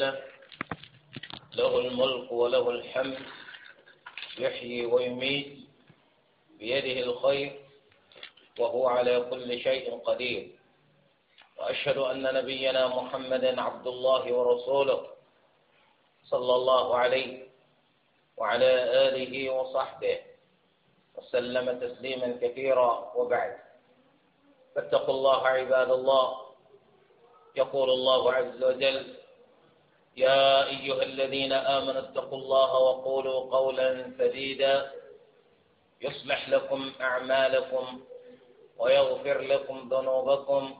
وسلم له الملك وله الحمد يحيي ويميت بيده الخير وهو على كل شيء قدير وأشهد أن نبينا محمدا عبد الله ورسوله صلى الله عليه وعلى آله وصحبه وسلم تسليما كثيرا وبعد فاتقوا الله عباد الله يقول الله عز وجل يا أيها الذين آمنوا اتقوا الله وقولوا قولا سديدا يصلح لكم أعمالكم ويغفر لكم ذنوبكم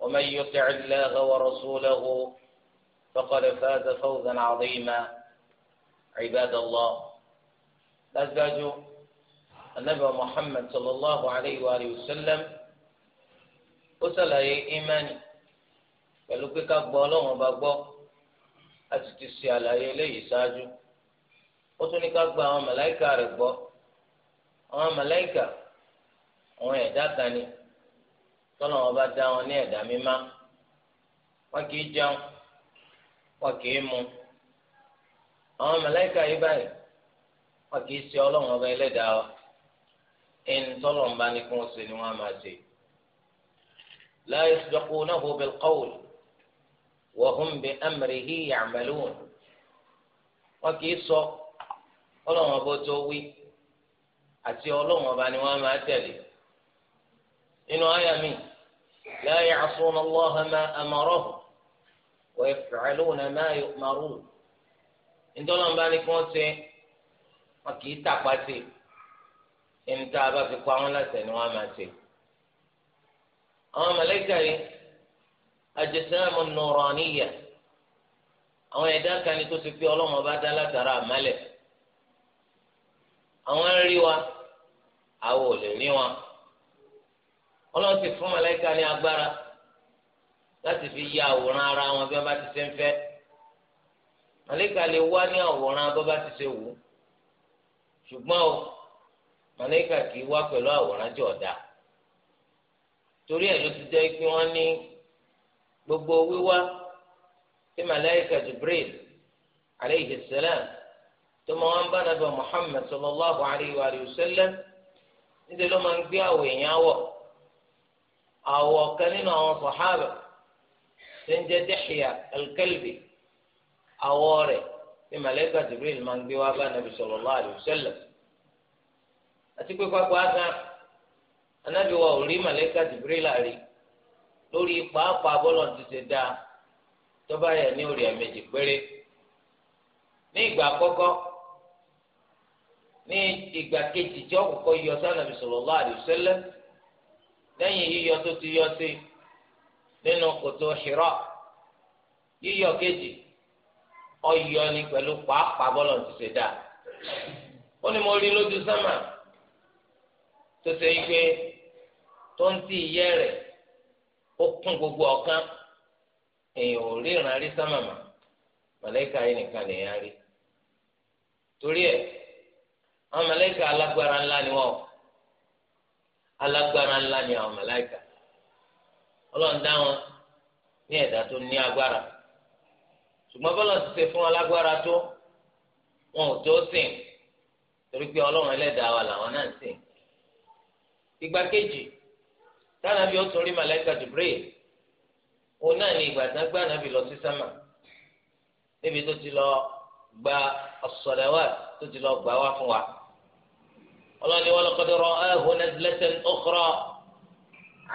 ومن يطع الله ورسوله فقد فاز فوزا عظيما عباد الله أزواج النبي محمد صلى الله عليه وآله وسلم وسأل أي إيمان pẹ̀lú pé ká a sì ti ṣe àlàyé eléyìí ṣáájú ó tún ní ká gba àwọn màláìka rẹ̀ gbọ́ àwọn màláìka àwọn ẹ̀dá kan ni tọ́lọ̀ wọn bá dá wọn ní ẹ̀dá mímá wọn kì í jẹun wọn kì í mu àwọn màláìka yìí báyìí wọn kì í ṣe ọlọ́run ọba ẹlẹ́dàá wa ẹni tọ́lọ̀ ń bá ní kí wọ́n ṣe ni wọ́n á máa ṣe وهم بأمره يعملون وكي صو ịsọ ọba tó wí àti ọlọ́run ọba ni wọ́n máa tẹ̀lé nínú àyà mi la ya'suna Allaha ma amarahu wa yaf'aluna ma yu'marun ntọ́lọ́mba ni kí wọ́n ṣe wọn kì í tàpá sí a fi kọ́ àwọn láṣẹ ni wọ́n máa ṣe àwọn yìí. àjẹsẹ́mu nùrọ̀níyà àwọn ẹ̀dá kan ni tó ti pé ọlọ́mọ bá dá látara àmálẹ̀ àwọn ń rí wa àwọn ò lè rí wọn ọlọ́run ti fún màláíkà ní agbára láti fi ya àwòrán ara wọn bí wọ́n bá ti ṣe ń fẹ́ màláíkà lè wá ní àwòrán bí wọ́n bá ti ṣe wù ú ṣùgbọ́n o màláíkà kì í wá pẹ̀lú àwòrán jọ̀ọ̀dá torí ẹ̀ ló ti jẹ́ pé wọ́n ní gbogbo wíwá tí malayika jibril aleyhi salam tó máa wọn bá nàbẹ muhammed sallallahu alayhi wa sallam níṣẹ́ ló máa ń gbé àwọ̀ èèyàn wọ̀ àwọ̀ kan nínú àwọn sàhábà tó ń jẹ́ dẹ́xìyà alkalbi àwọ̀ rẹ̀ tí malayika jibril máa ń gbé wá bá nàbẹ sallallahu alayhi wa sallam àti pé pápá gan anabi wa ò rí malayika jibril àrí. lórí pàápàá bọ́lọ̀ ti ṣe dáa tó bá ní orí ẹ̀mejì péré ní ìgbà àkọ́kọ́ ní ìgbà kejì tí ọkọ̀kọ́ yọ sànàbì sallallahu alaihi wasallam lẹ́yìn yíyọ tó ti yọ sí nínú kòtò Hira yíyọ kejì ọyọ ni pẹ̀lú pàápàá bọ́lọ̀ ó kún gbogbo ọ̀kan èèyàn ò ríran rí sámàmà màlẹ́kà yìí nìkan lèèyàn rí torí ẹ̀ àwọn màlẹ́kà alágbára ńlá ni wọ́n alágbára ńlá ni àwọn ọlọ́run ní ẹ̀dá tó ní agbára ṣùgbọ́n bọ́lá ti ṣe fún alágbára tó wọn ò tó sìn torí pé ọlọ́run ẹlẹ́dàá wa làwọn náà tánàbí ó tún rí màláíkà Jibril òun náà ní ìgbà tán gbá nàbí lọ sí sámà níbi tó ti lọ gba as-salawat tó ti lọ gbà wá fún wa ọlọ́ni wa laqad ra'ahu nazlatan ukhra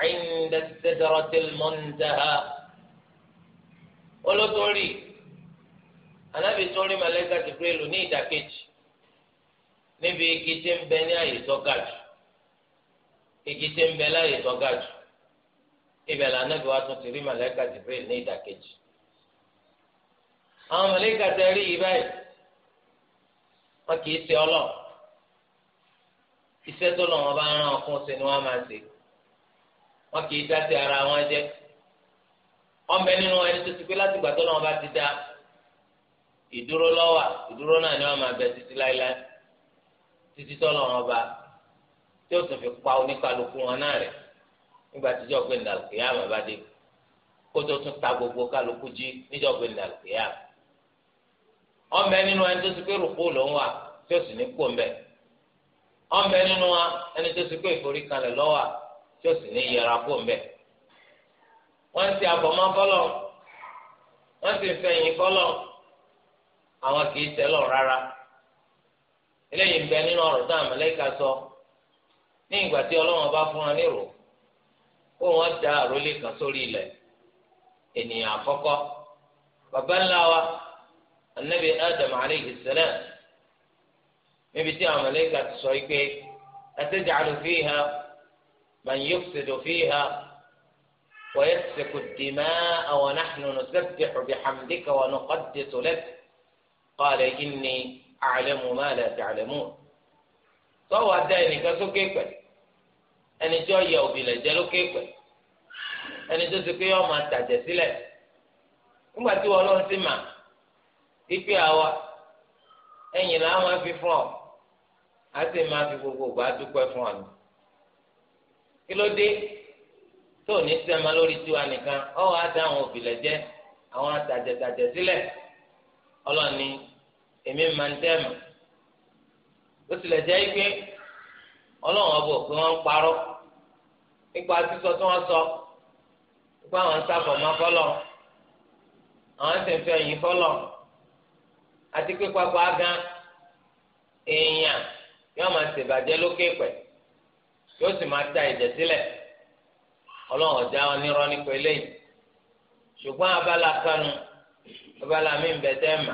'inda sidratil muntaha olótórí anábì tó rí Jibril ní ìdàkejì níbi igi tí ń bẹ ní àyè tó igi tí ń bẹ láyè tó ga jù ibẹ̀ là wa tún ti rí màlẹ́kà Jibril ní ìdàkejì àwọn màlẹ́kà tẹ rí yìí báyìí wọn kì í ṣe ọlọ́ iṣẹ́ tó lọ́wọ́ bá ń rán ọkùnrin sí ni wọ́n máa ṣe wọn kì í dá sí ara wọn jẹ́ ọmọ nínú ẹni tó ti pé láti gbàtọ́ lọ́wọ́ bá ti dá ìdúró lọ́wọ́ ìdúró náà ni wọ́n máa bẹ títí láéláé títí tọ́ lọ́wọ́ bá tí ó tún fi pa oníkálukú wọn náà rẹ̀ nígbà tí ìjọba bá dé kó tó tún ta gbogbo kálukú jí níjọba ìdàlùkìyàmù ọmọ ẹ nínú ẹni tó ti pé ló ń wà tí sì ní kó mbẹ ọmọ ẹ nínú ẹni tó ti pé ìforíkalẹ̀ ló wà tí ó sì ní yẹra kó mbẹ wọ́n ti wọ́n ní ìgbà tí ọlọ́run bá fún wa nírò kó wọ́n da àrólé kan sórí ilẹ̀ ènìyàn àkọ́kọ́ bàbá ńlá wa anabi adam aleyhi salam níbi tí àwọn màláíkà ti sọ pé ataj'alu fiha man yufsidu fiha wa yasfiku ad-dima'a wa nahnu nusabbihu bihamdika wa nuqaddisu lak qala inni a'lamu ma la ta'lamun. sọ́wọ́ adá ẹnìkan sókè pẹ̀ ẹni tí ó yẹ òbílẹ̀ jẹ́ lókè pẹ̀ ẹni tó ti pé yọ máa tàjẹ̀ sílẹ̀ nígbà tí wọ́n lọ́n mà ipe àwa ẹ̀yìn fi fún ọ sì gbogbo ògbà dúpẹ́ fún ọ kí ló dé tó ní sẹ́mà lórí tiwa nìkan bó tilẹ̀ jẹ́ ike ọlọ́run ọbọ̀ pé wọ́n ń parọ́ nípa sísọ tí wọ́n sọ nípa àwọn ń sábọ̀ máa fọ́lọ̀ àwọn ń yìí fọ́lọ̀ àti pé pápá gan èèyàn yóò máa lókè pẹ̀ yóò sì máa ta ẹ̀jẹ̀ sílẹ̀ ọlọ́run ọ̀já onírọ́ nípa eléyìí ṣùgbọ́n abala kanu abala mi ń bẹ tẹ́ mà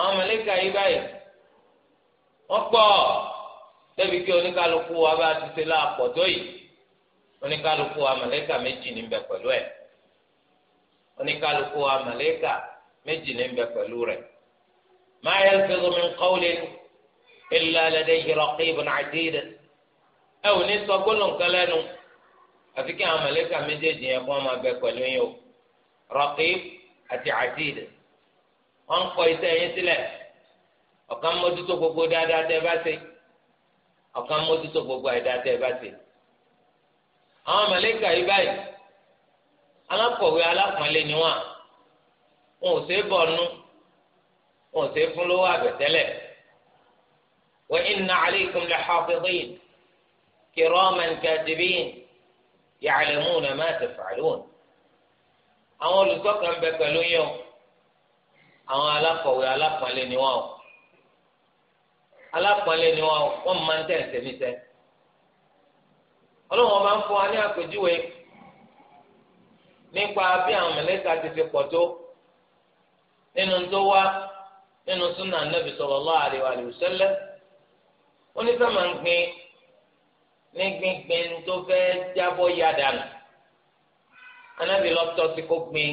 àwọn mọ̀lẹ́kà yìí báyìí wọ́n pọ̀ débi kí oníkálukú wa bá ti ṣe láàpọ̀ tó yìí oníkálukú wa mọ̀lẹ́kà méjì ní bẹ pẹ̀lú ẹ̀ oníkálukú wa mọ̀lẹ́kà méjì ní bẹ pẹ̀lú rẹ̀ ma yalfizu min qawlin illa ladayhi raqibun ẹ ò ní sọ gbólóǹkan lẹ́nu àfi àwọn mọ̀lẹ́kà méjèèjì yẹn kó wọn máa pẹ̀lú yín o raqib àti atid. wọ́n kọ iṣẹ́ yín sílẹ̀ ọ̀kan mójútó gbogbo dáadáa tẹ́ bá ṣe ọ̀kan mójútó gbogbo àìdá tẹ́ bá ṣe. àwọn mọ̀lẹ́kà yìí báyìí alákọ̀wé alápọ̀nlé ni wọ́n wọn ò ṣeé bọ̀ wọn ò ṣeé fún lówó àbẹ̀tẹ́lẹ̀ wa inna alaykum ma àwọn bẹ yẹn o. àwọn alákọ̀wé alápọ̀nlé ni wọ́n o alápọ̀nlé ni wọ́n o wọ́n máa ń tẹ̀ ẹ̀sẹ̀ ọlọ́wọ́n máa ń ní àpèjúwe nípa bí àwọn mẹ̀lẹ́kà ti fi pọ̀ tó nínú tó wá nínú súnà nàbì sallallahu alaihi gbin ní gbíngbin tó fẹ́ jábọ́ yá dànù anábì lọ́tọ́ gbin.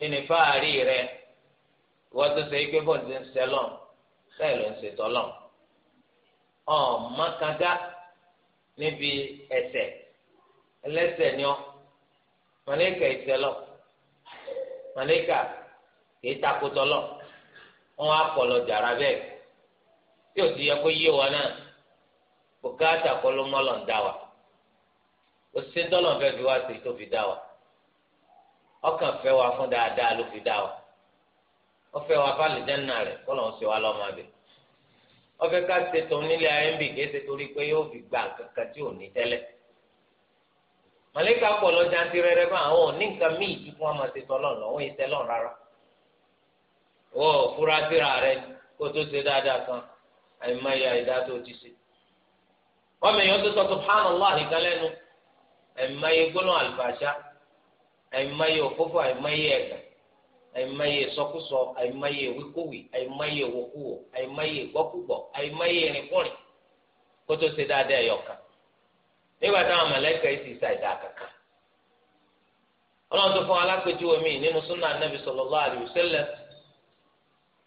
nínú fáàrí rẹ wọ́n tó ṣe ike bọ́ọ̀dù ń sẹ́lọ̀n bẹ́ẹ̀ ló ń ṣètọ́lọ̀n ọ̀mọ́kadá níbi ẹ̀ṣẹ̀ ẹlẹ́ṣẹ̀ ni ọ́ mọ̀lẹ́kà ìṣẹ̀lọ̀ mọ̀lẹ́kà kì í takotọ́lọ̀ wọn á kọlọ jàrá bẹ́ẹ̀ tí o ti yẹ kó yé wa náà bùkátà kọlọmọlọ ń dá wa o ṣe ń tọ́lọ̀ fi wá sí tó fi dá wa. ọkàn fẹ́ wa fún dáadáa ló fi dá ọ ọfẹ́ wa fálẹ jẹnà rẹ kọlọ ń wà wa lọmọ abẹ ọfẹ́ ká ṣe nílé ayé ń bì kí torí pé yóò fi gbà kankan tí ò ní tẹ́lẹ̀ màlẹ́kà pọ̀ lọ́jà ti rẹrẹ àwọn òní nǹkan míì tí wọ́n máa fura síra rẹ kó tó ṣe dáadáa kan tó ti ṣe àìmọye òfófó àìmọye ẹ̀gàn àìmọye ìsọkúsọ àìmọye ìwíkúwì àìmọye ìwòkúwò àìmọye ìgbọ́kúgbọ̀ àìmọye ìrìnkúrìn kó tó ṣe dáadáa ẹ̀yọ̀kan nígbà táwọn mọ̀lẹ́kà yìí ti sa ìdá kankan. ọlọ́run tó fún alápèjúwe mi nínú súnà anábì sallallahu alaihi wasallam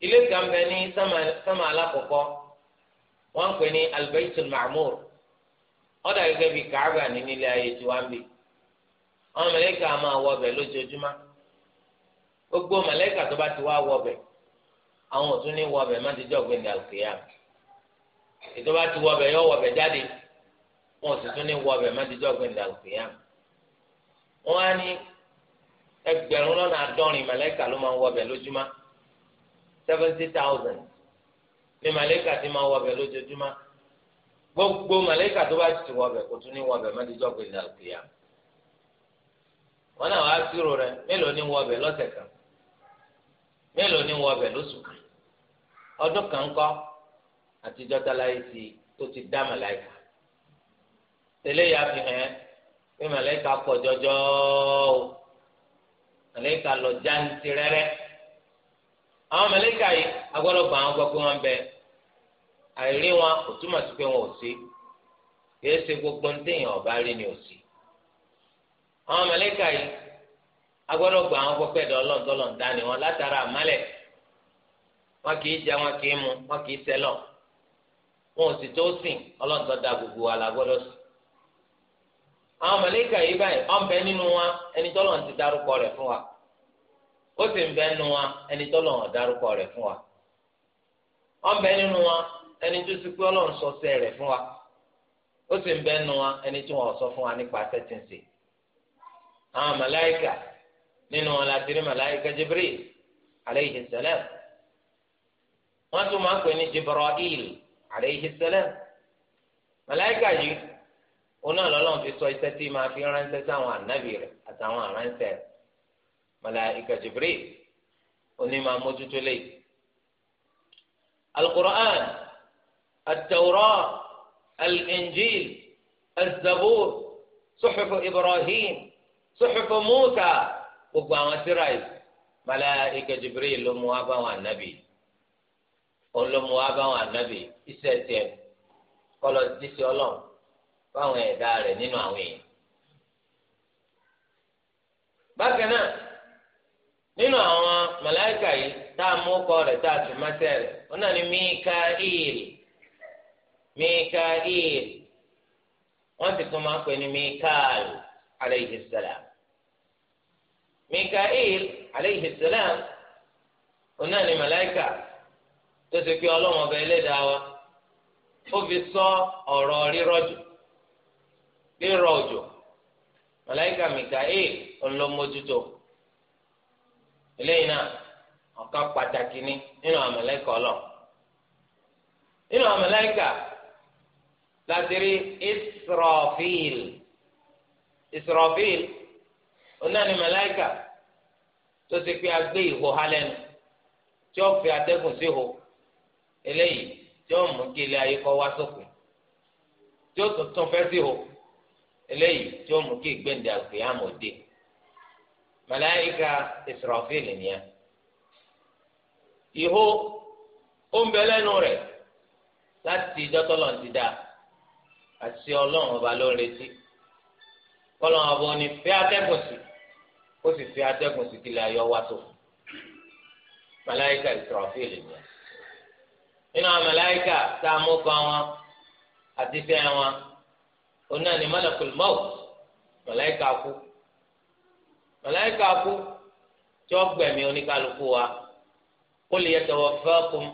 ilé kan ní sámà ń pè ní ma'mur ọ̀dà gẹ́gẹ́ bíi kàábà ní nílé ayé tí wọ́n ń bì àwọn mẹlẹka máa wọ ọbẹ lójoojúmọ́ gbogbo mẹlẹka tó bá ti wá wọ ọbẹ àwọn òtún ní wọ ọbẹ má ti jọ gbẹndà òkèèyà ètò bá ti wọ ọbẹ yọ wọ ọbẹ jáde wọn sì tún ní wọ ọbẹ má ti jọ gbẹndà òkèèyà wọn á ní ẹgbẹ̀rún lọ́nà àádọ́rin mẹlẹka ló máa wọ ọbẹ lójúmọ́ seventy thousand ní mẹlẹka ti máa wọ ọbẹ lójoojúmọ́ gbogbo mẹlẹka tó bá ti wọ ọbẹ kò tún ní wọ ọbẹ má ti jọ gbẹndà òkèèyà wọn náà wàá sírò rẹ mélòó ní wọbẹ lọ́sẹ̀ kan mélòó ní wọbẹ lóṣù kan ọdún kan kọ àtijọ́ tàlàyé ti tó ti dá màláìka tẹ́lẹ̀ yà fi hàn pé màláìka pọ̀ jọjọ o màláìka lọ jáǹtì rẹ́rẹ́ àwọn màláìka yìí agbọ́dọ̀ gbà wọn gbọ́ pé wọ́n bẹ àìrí wọn kò túmọ̀ sí pé wọn ò sí kìí ṣe gbogbo ní téèyàn ọba rí ni ò sí àwọn mẹlẹka yìí agbọ́dọ̀ gba àwọn pẹpẹ dọ ọlọńtọlọ ń dání wọn látara àmàlẹ wọn kì í jẹ wọn kì í mu wọn kì í wọn ò sì tó sìn gbogbo wa la sùn. àwọn mẹlẹka yìí báyìí ọ̀n bẹ nínú wa ẹni tọ́lọ̀ ti rẹ̀ fún wa ó sì nínú wa àwọn màláìkà nínú wọn láti rí màláìkà jibril aleyhi salam wọn tún máa ń pè ní jibril aleyhi salam màláìkà yìí oná lọ́lọ́run fi sọ iṣẹ́ tí máa fi ránṣẹ́ sáwọn ànábì rẹ̀ àtàwọn àránṣẹ́ rẹ̀ màláìkà jibril oní máa mójútó léyìí alukur'an atawurọ alinjil azabu suhufu ibrahim. suhufu Musa gbogbo àwọn tírà yìí malaika Jibril ló mú wá báwọn ànábì òun ló mú wá báwọn ànábì nínú àwọn èèyàn. yìí tá a mú kọ rẹ̀ tá a tún mẹsẹ rẹ̀ mikael aleyhi salam onáà ni malaika tó ti pé ọlọ́wọ́n ọba ẹlẹ́dàá wa ó fi sọ ọ̀rọ̀ rírọ̀jù rírọ̀ òjò màláìkà mikael ọlọ́mọdútó eléyìí náà ọ̀kan pàtàkì ni nínú àwọn màláìkà ọlọ́ nínú àwọn láti rí israfil israfil. onáà ni màláìkà tó ti pé agbé ìhó ha lẹ́nu tí ó fi atẹ́gùn sí ìhó eléyìí tí ó mú kí ilé ayé kọ́ wá sókun tí ó tuntun fẹ́ sí ìhó eléyìí tí ó mú kí ìgbéǹde àgbéyàmọ̀ dé màláìkà Israfil nìyẹn ìhó ó rẹ̀ láti dọ́tọ́lọ̀ dá àti ọlọ́run ọba ló ń retí kọ́lọ́run ọba ò ní fẹ́ atẹ́gùn sí ó sì fi atẹ́gùn sí kílẹ̀ ayọ́ wá tó màláìkà Israfil ni nínú àwọn màláìkà tá a mú kan wọn àti fẹ́ wọn òun náà ni malakul maut màláìkà kú màláìkà kú tí ó gbẹ̀mí oníkálukú wa qul yatawaffakum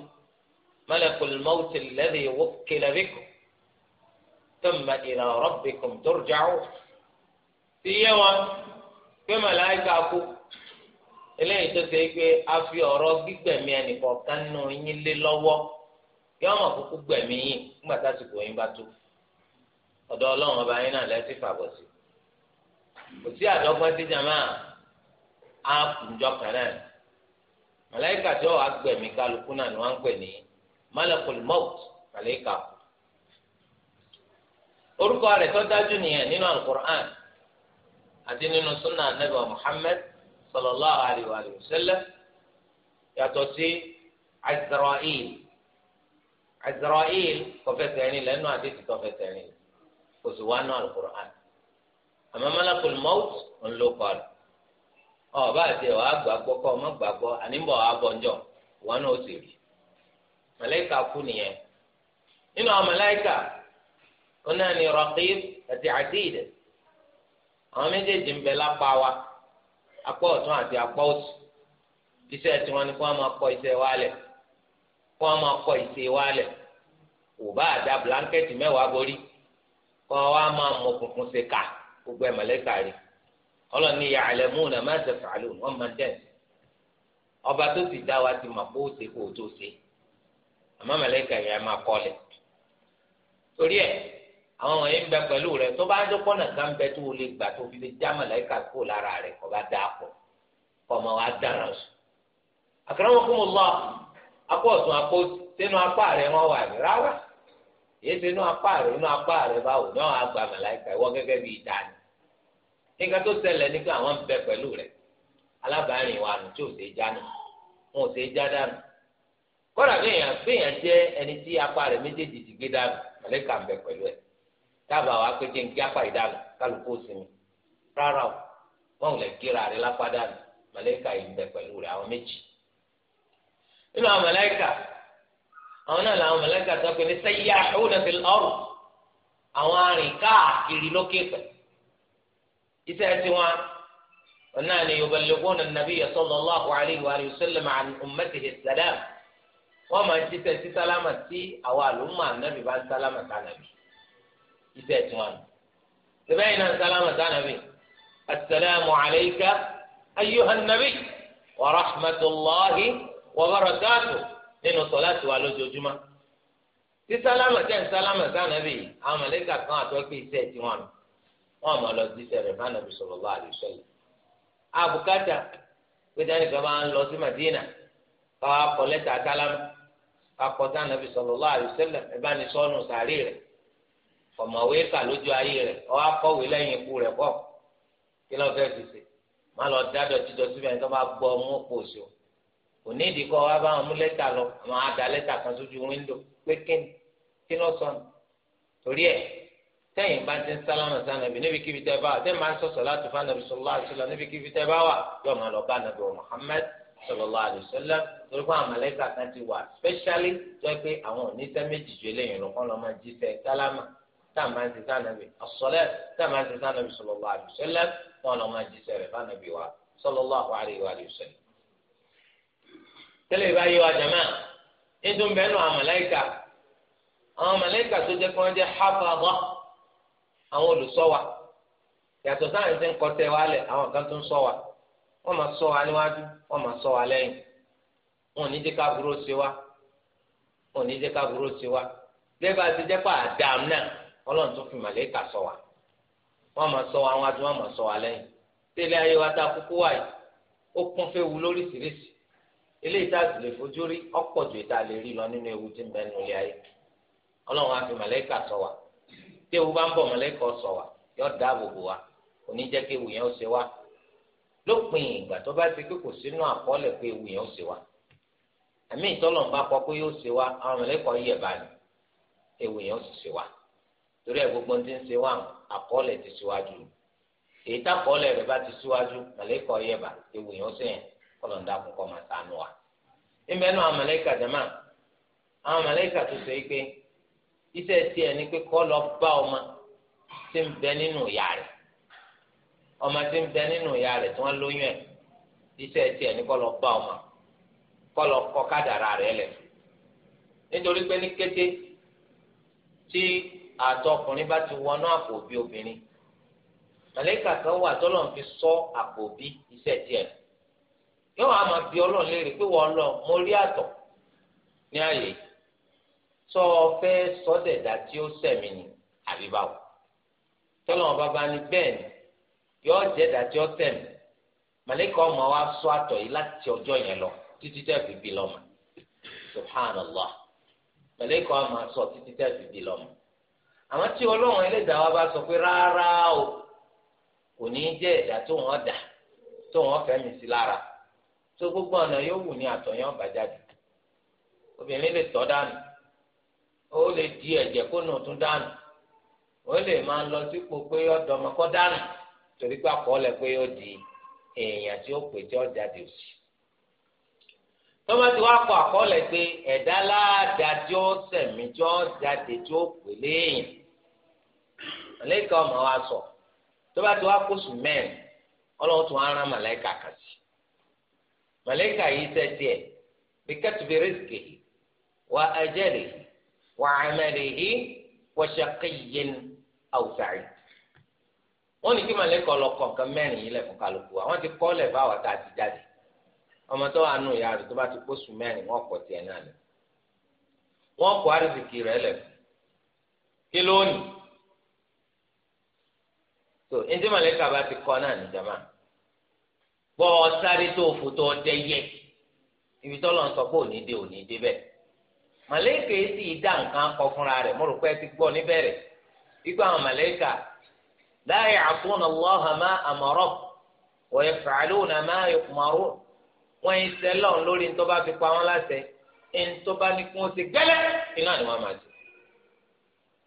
malakul maut alladhi wukkila bikum thumma ila rabbikum turja'un ti yé wọn. pé màláìka kú eléyìí tó ṣe pé a fi ọ̀rọ̀ gbígbẹ̀mí ẹnìkọ̀ọ̀kan nù yín lé lọ́wọ́ yọ ọmọ kúkú gbẹ̀mí yín nígbà yín bá tó ọ̀dọ̀ ọlọ́run ọba yín náà lẹ́sìn fàbọ̀ sí kò sí àdọ́gbọ́n sí jama á kùnjọ kan náà màláìka tí kálukú náà ni wọ́n ń pè ní malakul màláìka orúkọ rẹ̀ tó dájú àti nínú súnà anábì muhammed sallallahu alayhi wa sallam yàtọ̀ sí azrael azrael kọfẹsẹrin lẹnu àdéhùn kọfẹsẹrin kò sì wá náà alukur'an àmọ́ malakul maut ńlọkọ rẹ ọba àti ẹwà gbàgbọ́ kọ ọmọ gbàgbọ́ àníbọ abọjọ wọn náà ó sì rí màláíkà kú nìyẹn nínú àwọn màláíkà ó náà ní àti adid àwọn méjèèjì ń bẹ lápá wa apá ọ̀tún àti apá òsì iṣẹ́ tiwọn ni kí wọ́n máa kọ iṣẹ́ wa lẹ̀ kí wọ́n máa kọ iṣẹ́ wa lẹ̀ kò bá àdá blanketi mẹ́wàá borí kọ́ wa máa mọ funfun ṣe ká gbogbo ẹ̀ mọ̀lẹ́kà rí ọlọ́ni ya'lamuna ma taf'alun wọ́n máa dẹ̀ ọba tó ti dá wa ti mọ̀ kó o ṣe kó o tó ṣe àmọ́ àwọn wọ̀nyí ń bẹ pẹ̀lú rẹ tó bá dé pọ́nà kan bẹ tó lè gbà tó fi lè já màláìka kó lára rẹ kó bá dáa pọ̀ kó ma wá dára sùn. àkàràwọ̀ fún mi lọ sínú apá rẹ wọn wà ní èyí sínú apá rẹ inú apá rẹ báwo ni wọn á gba gẹ́gẹ́ ìdáni. nígbà tó àwọn ń bẹ pẹ̀lú rẹ wa tí ò já nù wọn ò já dábàá wa pé kí n gé apá ìdánù kálukú sinmi rárá o wọn ò lè gíra rẹ lápá dánù màláìka yìí ń bẹ pẹ̀lú rẹ àwọn méjì nínú àwọn màláìka àwọn náà làwọn màláìka sọ pé ní sẹ́yà ìwúlẹ̀ fi ọrùn àwọn arìn káàkiri lókè pẹ̀ iṣẹ́ tiwọn náà ni yuballighuna an-nabiyya sallallahu alayhi wa sallam an ummatihi as-salam máa ń títẹ̀ sí sálámà tí àwọn àlùmọ́ iṣẹ́ tí wọ́n. Ṣèbẹ́ iná sálámà sánàbì. Asalaamu alayka ayyuhan nabi wa rahmatulahi wa barakatu nínú sọláàtì wa lójoojúmọ́. Tí sálámà tẹ̀ ń sálámà sánàbì àwọn mọ̀lẹ́kà kan àtọ́ pé iṣẹ́ tí wọ́n. Wọ́n mọ̀ lọ sí sẹ̀rẹ̀ bá nàbì sallallahu alaihi wasallam. Àbùkátà pé dání ń lọ sí Màdínà káwá kọ sálámà kakọta nàbì sallallahu alaihi wasallam ẹ bá ní sọnù ọ̀mọ̀wé kà lójú ayé rẹ̀ ọ akọ̀wé lẹ́yìn ikú rẹ̀ pọ̀ kí lọ́ọ́ fẹ́ẹ́ fèsì má lọ dá dọ̀tí dọ̀tí bẹ́ẹ̀ tó bá gbọ́ ọmú pò sí o kò ní ìdí kọ́ wá bá wọn mú lẹ́tà lọ àwọn àdá lẹ́tà kan sójú wíńdò pé kí ni kí lọ́ọ́ sọ torí ẹ̀ tẹ́yìn bá ti ń sálámà sànàbì níbi kíbi tẹ́ bá wà tẹ́yìn bá ń sọ̀sọ̀ láti fún anabi sọ̀rọ̀ láti sọ̀rọ̀ níbi kíbi tẹ́ bá wà yóò máa lọ bá anabi Muhammad sọlọlọ àdùsọlẹ torí pé àwọn màláíkà kan ti wà spẹṣálí tó ẹ pé àwọn oníṣẹ méjì ju eléyìí lọ kọ́ lọ́ máa jíṣẹ́ sálámà táà máa ń ṣe sànàbì ọ̀sọ̀lẹ̀ táà máa ń ṣe sànàbì sallallahu alaihi wasallam táwọn ọmọ ẹ̀jẹ̀ sẹ̀rẹ̀ sànàbì wa sallallahu alaihi wasallam. tẹ́lẹ̀ ìbáyé wa jama nítorí bẹ́ẹ̀ nù àwọn àwọn màláíkà tó jẹ́ kí wọ́n àwọn olùṣọ́ yàtọ̀ sáà ń sẹ́ ń kọtẹ́ wa lẹ̀ àwọn kan tó ń ṣọ́ wa wọ́n máa ṣọ́ wa níwájú wọ́n ma wa lẹ́yìn wọn ní buro si wa wọn ní wa ti jẹ́ ọlọ́run tó fi màlẹ́kà sọ wa wọ́n máa sọ wa wọn adúmọ̀ máa sọ wa lẹ́yìn tẹ́lẹ̀ ayé wa tá a kúkú wáyé ó kún fẹ́ wu lóríṣiríṣi eléyìí tá a sì lè fojú rí ọ̀pọ̀ ju ìta lè rí lọ nínú ewu tí ń bẹ nínú ilé ayé ọlọ́run á fi màlẹ́kà sọ wa tí ewu bá ń bọ̀ màlẹ́kà sọ wa yọ dáàbò bò wa kò ní jẹ́ kí ewu yẹn ó ṣe wa lópin ìgbà tó bá ti pé kò sínú àkọọ́lẹ̀ pé ewu yẹn ó ṣe wa àmì ìtọ́lọ̀ kọ pé yóò ṣe wa àwọn màlẹ́kà yẹ̀ bá ní ewu yẹn ó sì ṣe wa torí ẹ gbogbo ti ń ṣe wá àkọọ́lẹ̀ ti síwájú èyí tákọọ́lẹ̀ rẹ bá ti síwájú màlẹkọ yẹba ewu yẹn ó sì yẹn kọlọ ń dákun kọ máa sànù wa. níbẹ̀ náà àwọn màlẹkà jama àwọn màlẹkà tó sọ pé iṣẹ́ tiẹ̀ ni pé kó lọ bá ọmọ tí ń bẹ nínú ìyá rẹ̀ ọmọ tí ń bẹ nínú ìyá rẹ̀ tí wọ́n lóyún ẹ̀ iṣẹ́ tiẹ̀ ni kó bá ọmọ kó lọ kọ rẹ̀ lẹ̀ nítorí pé ní kété tí àtọ ọkùnrin bá ti wọnú àpò òbí obìnrin màlẹ́kà kan wà tọ́lọ́run fi sọ àpò òbí iṣẹ́ tiẹ̀ yóò wá máa bi ọlọ́run léèrè pé wọ́n lọ mo rí àtọ̀ ní àyè sọ fẹ́ sọ́dẹ̀dà tí ó sẹ̀mí ni àbí báwo tọ́lọ́run bàbá ni bẹ́ẹ̀ ni yóò jẹ́dà tí ó sẹ̀mí màlẹ́kà ọmọ wa sọ àtọ̀ yìí láti ọjọ́ yẹn lọ títí tẹ́ fi bí lọ́mọ subhanallah màlẹ́kà ọmọ sọ títí tẹ́ fi bí lọ́mọ. àmọ́ tí ọlọ́run ẹlẹ́dàá wa bá sọ pé rárá o kò ní í jẹ́ ẹ̀dá tó wọ́n dà tó wọ́n fẹ́mi sí lára tó gbogbo ọ̀nà yóò wù ní àtọ̀yàn bàjáde obìnrin lè tọ́ dànù ó lè di ẹ̀jẹ̀ kó nù tún dànù ó lè máa lọ sípò pé ọ̀dọ́mọkọ́ dànù torí pé àkọọ́lẹ̀ pé ó di èèyàn tí ó pè tí ó jáde tọ́ba ti wá kọ àkọọ́lẹ̀ pé ẹ̀dá láàdá tí ó sẹ̀mí tí ó jáde tí ó pè léyìn màláìka ọmọ wa sọ tọ́ba ti wá kóṣù mẹ́rin ọlọ́run tún á rán màláìka kan sí màláìka yìí sẹ́tì ẹ̀ bí kẹ́tùbí rìsíkì wà ajẹ́lẹ̀ wà àmẹ́lẹ̀ yìí wà ṣàkíyẹn àwùsàrì wọ́n ní kí màláìka ọlọ́kọ̀ọ̀kan mẹ́rin yìí lẹ̀ ọmọ tó wà nù ìyá rẹ̀ tó bá ti pósù mẹ́rin wọ́n pọ̀ tiẹ̀ náà lẹ̀ wọ́n kọ́ àrísìkì rẹ̀ lẹ̀ kí tó kọ náà tó ibi tọ́lọ̀ ń sọ pé òní dé òní dé bẹ́ẹ̀ mọlẹka yìí sì dá nǹkan kọ fúnra mo rò pé ti la ma wọ́n yìí sẹ́ lori lórí ní bá fi pa wọ́n láṣẹ ní bá ní kí gẹ́lẹ́ iná ni máa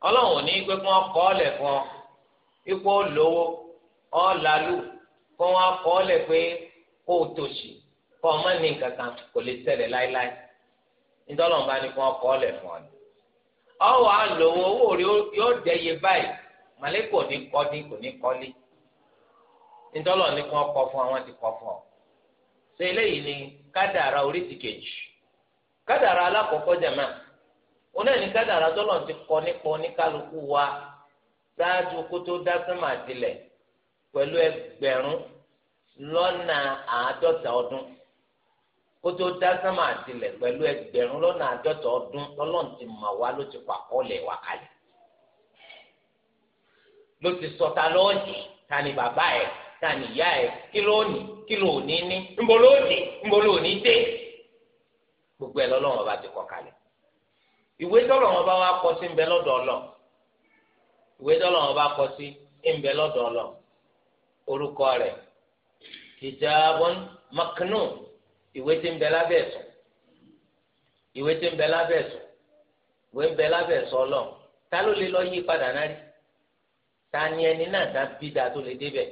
ọlọ́run ní pé kí wọ́n kọ́ fún ọ ipò lówó ọ̀làlù kí wọ́n kọ́ pé kó o tòṣì má ní nǹkan kan kò lè bá ní kí wọ́n kọ́ ni. ọwọ́ owó rí yóò iye báyìí ní kọ́ ní kò ní ṣe eléyìí ni kádàrà oríṣi kejì kádàrà alákọ̀ọ́kọ́ jàmá oná ní kádàrà tó ti kọ wa ṣáájú kó tó tilẹ̀ pẹ̀lú ẹgbẹ̀rún lọ́nà àádọ́ta ọdún kó tó tilẹ̀ pẹ̀lú ẹgbẹ̀rún lọ́nà àádọ́ta ti mọ̀ wá ti pàkọ́lẹ̀ wá kalẹ̀ ti sọ̀tà ta ni bàbá ẹ̀. Tani ni ìyá ẹ kí ló ní kí ló ní ní ńbọ ló ní ńbọ ló ní dé gbogbo ẹ lọ́lọ́run ọba ti kọ kalẹ̀ ìwé tọ́lọ́run ọba wa kọ sí ńbẹ lọ́dọ̀ Ọlọ́run ìwé tọ́lọ́run ọba kọ sí ńbẹ lọ́dọ̀ Ọlọ́run orúkọ rẹ̀ kìjàbọn makinu ìwé tí ńbẹ lábẹ́ ẹ̀sùn ìwé tí ńbẹ lábẹ́ ẹ̀sùn ìwé ńbẹ lábẹ́ ẹ̀sùn Ọlọ́run ta ló lè lọ yí padà náà rí ta ni ẹni náà dá bí da tó lè débẹ̀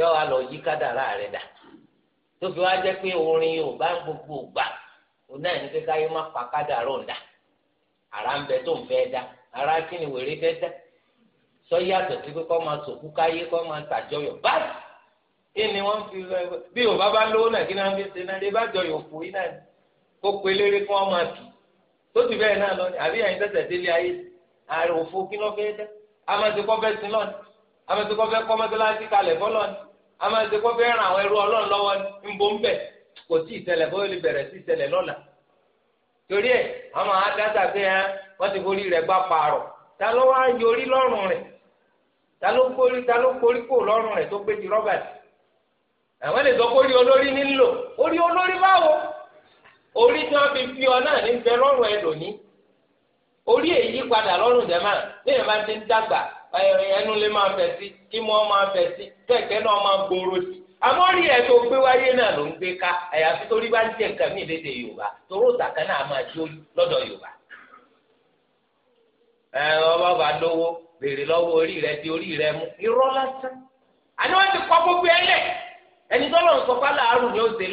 yọ wá lọ yí kádàrá rẹ dà tó fi wá jẹ́ pé orin yorùbá gbogbo gbà òun náà ní pé káyé má pa ara ń bẹ tó ń dá ara kí ni wèrè dá sọ yàtọ̀ sí pé kọ́ máa sòkú káyé kọ́ máa tàjọyọ̀ kí ni wọ́n fi bí bá lówó náà kí ni wọ́n fi ṣe náà lè bá jọyọ̀ náà kó kí wọ́n máa tó ti bẹ́ẹ̀ náà lọ ni àbí ẹ̀yin tẹ̀sẹ̀ délé ayé kí ló fẹ́ dá amẹ́sẹ̀kọ́ fẹ́ sin lọ́ni fẹ́ àmọ́ ẹsẹ kó fẹ́ àwọn ẹrú Ọlọ́run lọ́wọ́ ń bọ ń bẹ kò tí ì bóyá ó lè bẹ̀rẹ̀ sí lọ́la torí ẹ ti forí rẹ̀ gbá ta ló yorí lọ́rùn rẹ̀ ta ló kórí ta ló kò lọ́rùn rẹ̀ tó gbé ti àwọn olórí nílò orí olórí báwo orí tí fi fi ọ náà ní bẹ lọ́rùn ẹ orí èyí padà lọ́rùn ẹnu lè máa fẹ̀ sí kí mo máa fẹ̀ sí kẹ̀kẹ́ náà máa gbòòrò sí àmọ́ rí ẹ̀ tó gbé wáyé náà ló ń gbé ká àyàfi torí bá ń jẹ́ nǹkan mí léde yorùbá toró òtàkà náà máa jó ọba béèrè rẹ di orí rẹ mú lásán àní ti gbogbo ẹ ẹni tọ́lọ̀ ń sọ ni ó ṣe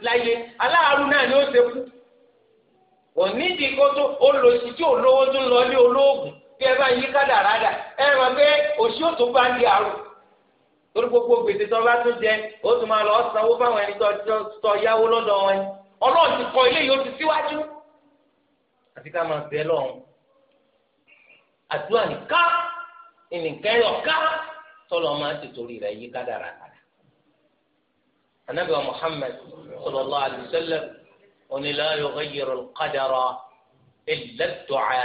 láyé náà ni ó ṣe kú òní kí ẹ bá yí kádàrádà ẹ mọ̀ pé òṣì ò tó bá ń di àrò torí gbogbo gbèsè tó bá tún jẹ ó tún máa lọ sanwó fáwọn ẹni tó yáwó lọ́dọ̀ wọn ọlọ́run ti kọ ilé yìí ti síwájú àti ká máa bẹ lọ́run àdúrà nìkan ìnìkẹyọ ká tọlọ máa ti torí rẹ̀ yí kádàrá kàdà anabi wa muhammad sallallahu alayhi wa sallam onílàyò ayẹrọ kádàrá illa du'a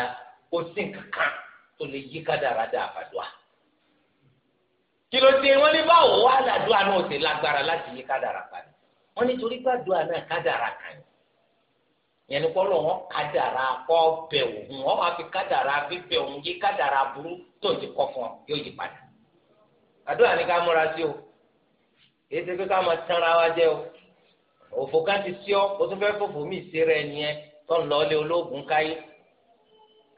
kò sí kankan tó lè yí kádàrá dà àbàdùà kí ló dé wọn ní báwo wà ládùá náà ṣe lágbára láti yí kádàrá padà wọn nítorí gbàdúrà náà kádàrá kan yẹn ní kọ́lọ́ wọn kádàrá kọ́ bẹ̀ òun wọn wàá fi kádàrá fi bẹ̀ òun yí kádàrá burú tó ti kọ́ fún ọ yóò yí padà àdúrà ní ká múra sí o èyí ti pé ká máa tánra wa jẹ o òfò ká ti sí ọ o tún fẹ́ fòfò mí ìṣeré ẹni yẹn tó ń lọ ilé ológun káyé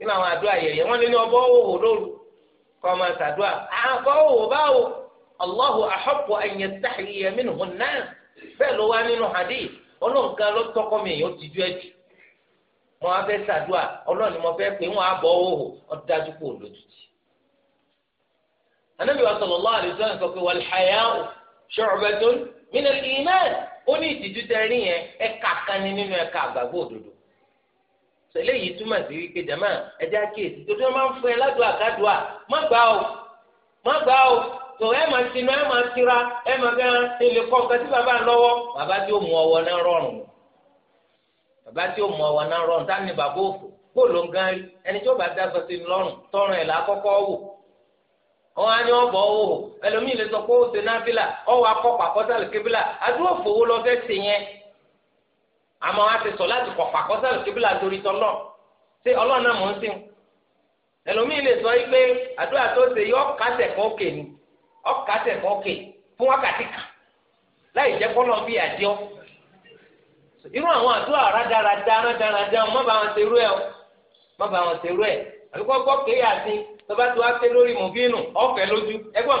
nínú àwọn àdúrà yẹ̀yẹ̀ wọ́n lé ní ọbọ̀ òwò lóru kọ́ máa ṣàdúrà àbọ̀ òwò báwo Allahu ahabbu an yastahiya minhu an-nas bẹ́ẹ̀ ló wá nínú hadith ọlọ́nkan ló tọ́kọ́ mi èèyàn ti ju ẹ̀jú mo wá fẹ́ ṣàdúrà mo fe pé wọ́n á òwò ọ̀dájú kò lójijì. wa sọ pé ó ní ìtìjú yẹn kan ní nínú òdodo sẹlẹ yìí túmọ̀ sí wípé jama ẹja ake tó tí wọn máa ń fún ẹ ládùú àkádùá má gbà ó má gbà ó tó ẹ máa sinú ẹ máa tira ẹ máa fẹ́ ilé kọ́ baba tí bàbá lọ́wọ́ bàbá tí ó mú ọwọ́ náà rọrùn bàbá tí ó mú ọwọ́ náà rọrùn tá ní bàbá òfò kó ló ń gan rí ẹni tí ó bá dá sọ sí lọ́rùn tọrùn ẹ̀ lákọ́kọ́ wò wò ẹlòmíì lè sọ àmọ́ wá ti sọ láti kọ̀ pàkọ́ sẹ́lẹ̀ kíbílà torí tọ́lọ̀ ṣé ọlọ́run náà mọ̀ ń sìn ẹlòmíì lè sọ yìí pé àdúrà tó ṣe yọ ọ̀kasẹ̀ kan ni ọ̀kasẹ̀ kan fún wákàtí kan láì jẹ́ kọ́lọ́ bí àjọ irú àwọn àdúrà rádaràdá rádaràdá má bá wọn ṣe irú ẹ̀ má bá wọn ṣe irú ẹ̀ àbíkọ́ gbọ́ kéèyàn sí tọ́ba wá ké lórí ọ̀fẹ́ lójú ẹgbọ́n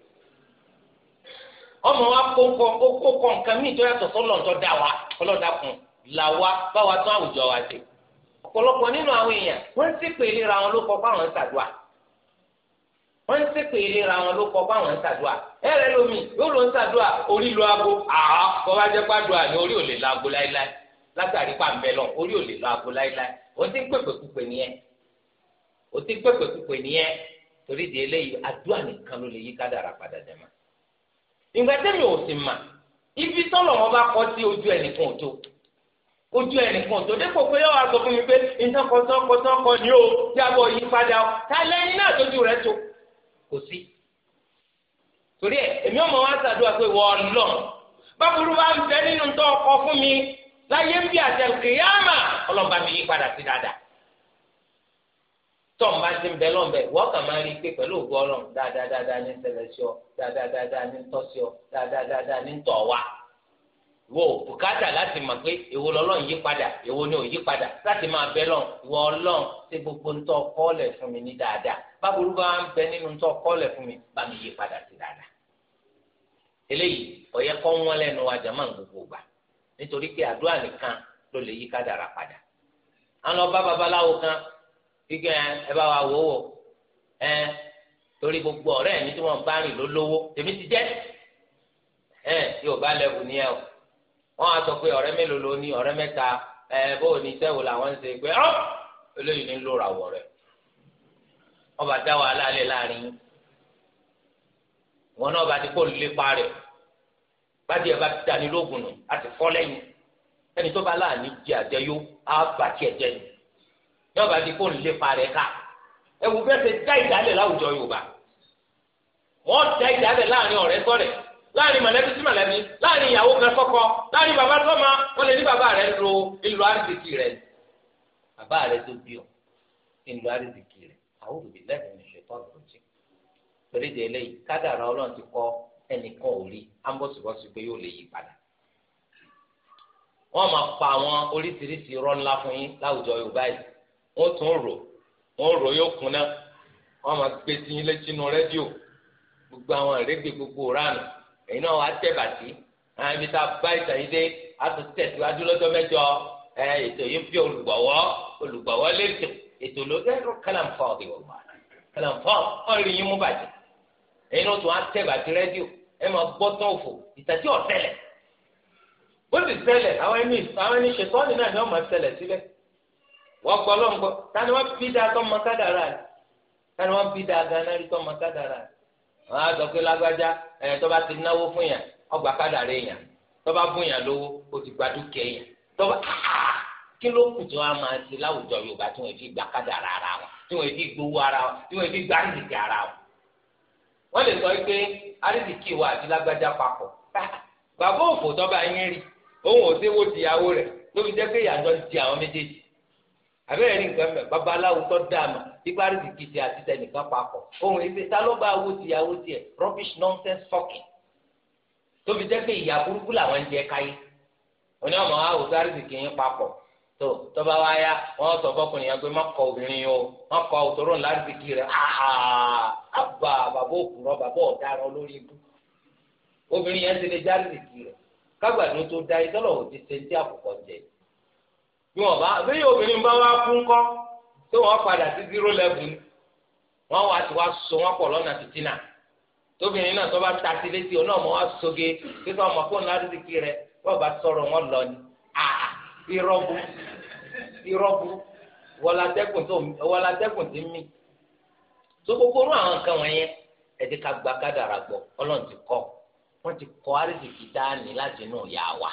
ọmọ wa kó kó kọ nǹkan míì tó yàtọ̀ sọ́lọ̀ ń wa ọlọ́dà kun là wa báwa tún àwùjọ wa ṣe ọ̀pọ̀lọpọ̀ nínú àwọn èèyàn wọ́n ń ṣépè ìlera wọn ló kọ fáwọn ṣàdúà wọ́n ń ṣépè ìlera wọn ló kọ fáwọn ṣàdúà ẹ̀rẹ́ lomi yóò ló ń ṣàdúà orí lu aago àá kọ́ bá jẹ́ pàdùà ni orí ò lè lo aago láíláí látàrí pàmbẹ́ lọ orí ò lè lo aago láíláí ó ti ń pèpè púpè nìyẹn ó ti ń pèpè púpè ìgbà tẹ́mi ò sì mà ibi tọ́lọ̀ wọn bá kọ́ sí ojú ẹnìkan ò tó ojú ẹnìkan ya tó dépò pé yóò sọ fún mi pé ni ó yàgò yí padà ó ta lẹ́ni náà tójú rẹ̀ tó kò sí. torí ẹ èmi ọmọ wa ṣàdúrà pé wọ́n lọ báburú bá ń bẹ nínú fún mi láyé ń bí ọlọ́ba mi yí padà tọ́m bá ti ń bẹ lọ́nbẹ wọ́n kàn máa rí i pé pẹ̀lú ògùn ọlọ́run dáadáa ní ṣẹlẹ̀ sí ọ dáadáa ní tọ́ sí ọ dáadáa ní tọ̀ wá. wo bùkátà láti mọ̀ pé èwo lọ́lọ́run yí padà èwo ni ò yí padà láti máa bẹ lọ́n ìwọ ọlọ́run ṣe gbogbo ńtọ́ kọ́ọ̀lẹ̀ fún mi ní dáadáa báburú bá ń bẹ nínú ńtọ́ kọ́ọ̀lẹ̀ fún mi bá mi yí padà sí dáadáa. eléyìí ọ̀yẹ́ kọ́ wọn lẹ́nu wa jàmá gbogbo gbà nítorí pé àdúrà nìkan ló lè yí kíkẹ́ ẹ bá wa wò wò ẹ torí gbogbo ọ̀rẹ́ mi tí wọ́n bá rìn ló lówó tèmi ti jẹ́ ẹ yóò bá lẹ́bù ní ẹ o wọ́n á sọ pé ọ̀rẹ́ mélòó ló ní ọ̀rẹ́ mẹ́ta ẹ bó o ní sẹ́wò làwọn ń ṣe pé ọ́ eléyìí ní ló ra wọ̀ rẹ̀ wọ́n bá dá wàhálà lẹ̀ láàrin wọn náà bá ti kó lépa rẹ̀ bájì ẹ bá ti dání lóògùn nù àti fọ́ lẹ́yìn ẹni tó bá láàánú jẹ àjẹyó á bàtì ẹ̀jẹ̀ yìí yóò bá di kó ń lépa rẹ̀ ká ẹ̀wù bẹ́ẹ̀ ṣe já ìdálẹ̀ láwùjọ Yorùbá wọ́n dá ìdálẹ̀ láàrin ọ̀rẹ́ sọ̀rẹ́ láàrin mọ̀lẹ́bí sí mọ̀lẹ́bí láàrin ìyàwó kan sọ́kọ láàrin bàbá sọ́mọ wọ́n lè ní bàbá rẹ̀ lo ìlú àrídìkì rẹ̀ bàbá rẹ̀ tó bí ọ ìlú àrídìkì rẹ̀ àwọn òbí lẹ́yìn ìṣètò ọ̀gbọ̀njì torí de eléyìí kádàrá Ọlọ́run ti kọ ẹnìkan ò rí ambọ̀sibọ́sí pé yóò lè yí padà wọ́n máa pa àwọn oríṣiríṣi rọ́ńlá fún yín láwùjọ Yorùbá yìí ó tún rò ó rò yóò kúnná wọ́n máa gbé sí rédíò gbogbo àwọn ìrégbè gbogbo ránù ẹ̀yin náà wà á tẹ̀ bàtí àwọn ibi tá a bá ìtàn yìí dé a tún tẹ̀síwájú lọ́jọ́ mẹ́jọ ẹ ètò yìí fi olùgbọ̀wọ́ olùgbọ̀wọ́ lẹ́tọ̀ ètò ló dé kàlàǹfà ọ̀dẹ̀ wọ̀ wá kàlàǹfà ọ̀rìn yín mú bàjẹ́ ẹ̀yin náà tún á tẹ̀ bàtí rédíò ẹ máa gbọ́ tán òfò ọ̀tẹ̀lẹ̀ wọ́n gbọ́ lọ́n gbọ́ tani wọ́n bí da tọ́ mọ́kádàrà rẹ̀ tani wọ́n bí da gánà rí tọ́ mọ́kádàrà rẹ̀ wọ́n á sọ pé lágbájá ẹ̀ tọ́ bá ti náwó fún yàn ọgbà kádàrà yàn tọ́ bá fún yàn lówó o ti gba dúkìá yàn tọ́ bá ah, kí ló kù tí wọ́n á máa ṣe láwùjọ Yorùbá tí wọ́n fi gba kádàrà ara wọn tí wọ́n fi gbowó ara wọn tí wọ́n fi gba àrídìkì ara wọn. wọ́n lè sọ pé àrídìkì wa àti lágbájá papọ̀ ah, bàbá òfò tọ́ yín rí òun ò séwó tìyàwó rẹ̀ ló jẹ́ pé ìyàtọ̀ ti àwọn méjèèjì àbẹ́rẹ́ ní nǹkan mẹ́ babaláwo tó dáa mà ipa rẹ̀ kìí ṣe àti tẹnìkan papọ̀ ohun ìfẹ́ ta ló bá awo tìyàwó tiẹ̀ rubbish nonsense fucking tóbi jẹ́ pé ìyá burúkú làwọn ń jẹ káyé oní ọmọ àwọn sáré kìí yín papọ̀ tó tọ́ba wa ya wọ́n sọ fọkùnrin yẹn pé má kọ obìnrin o má kọ òtòrò ńlá ti kì rẹ̀ àbà bàbá òkúrọ̀ bàbá ọ̀daràn olórí ibú obìnrin yẹn ti lè já rìsìkì rẹ̀ kágbàdo tó da ìtọ́lọ̀ òdì ṣe ń tí àkùkọ jẹ yìí bí wọn bá bẹ́ẹ̀ obìnrin bá wá kú ńkọ́ tó wọn padà sí zero level ni wọn wá ti wá so wọn pọ̀ lọ́nà títí náà tóbìnrin náà tó bá ta sí létí ọ náà mọ wá soge pé sọ ọmọ fóònù ládùúgbò rẹ wọn bá sọ̀rọ̀ wọn lọ ni àà irọ́bu irọ́bu wọlátẹ́kùn ti mí tó gbogbo orú àwọn nǹkan wọ̀nyẹn ẹ̀dí ká gba kádàrà gbọ́ ọlọ́run ti kọ́ wọ́n ti kọ́ àrísìkí dání láti inú ìyá wa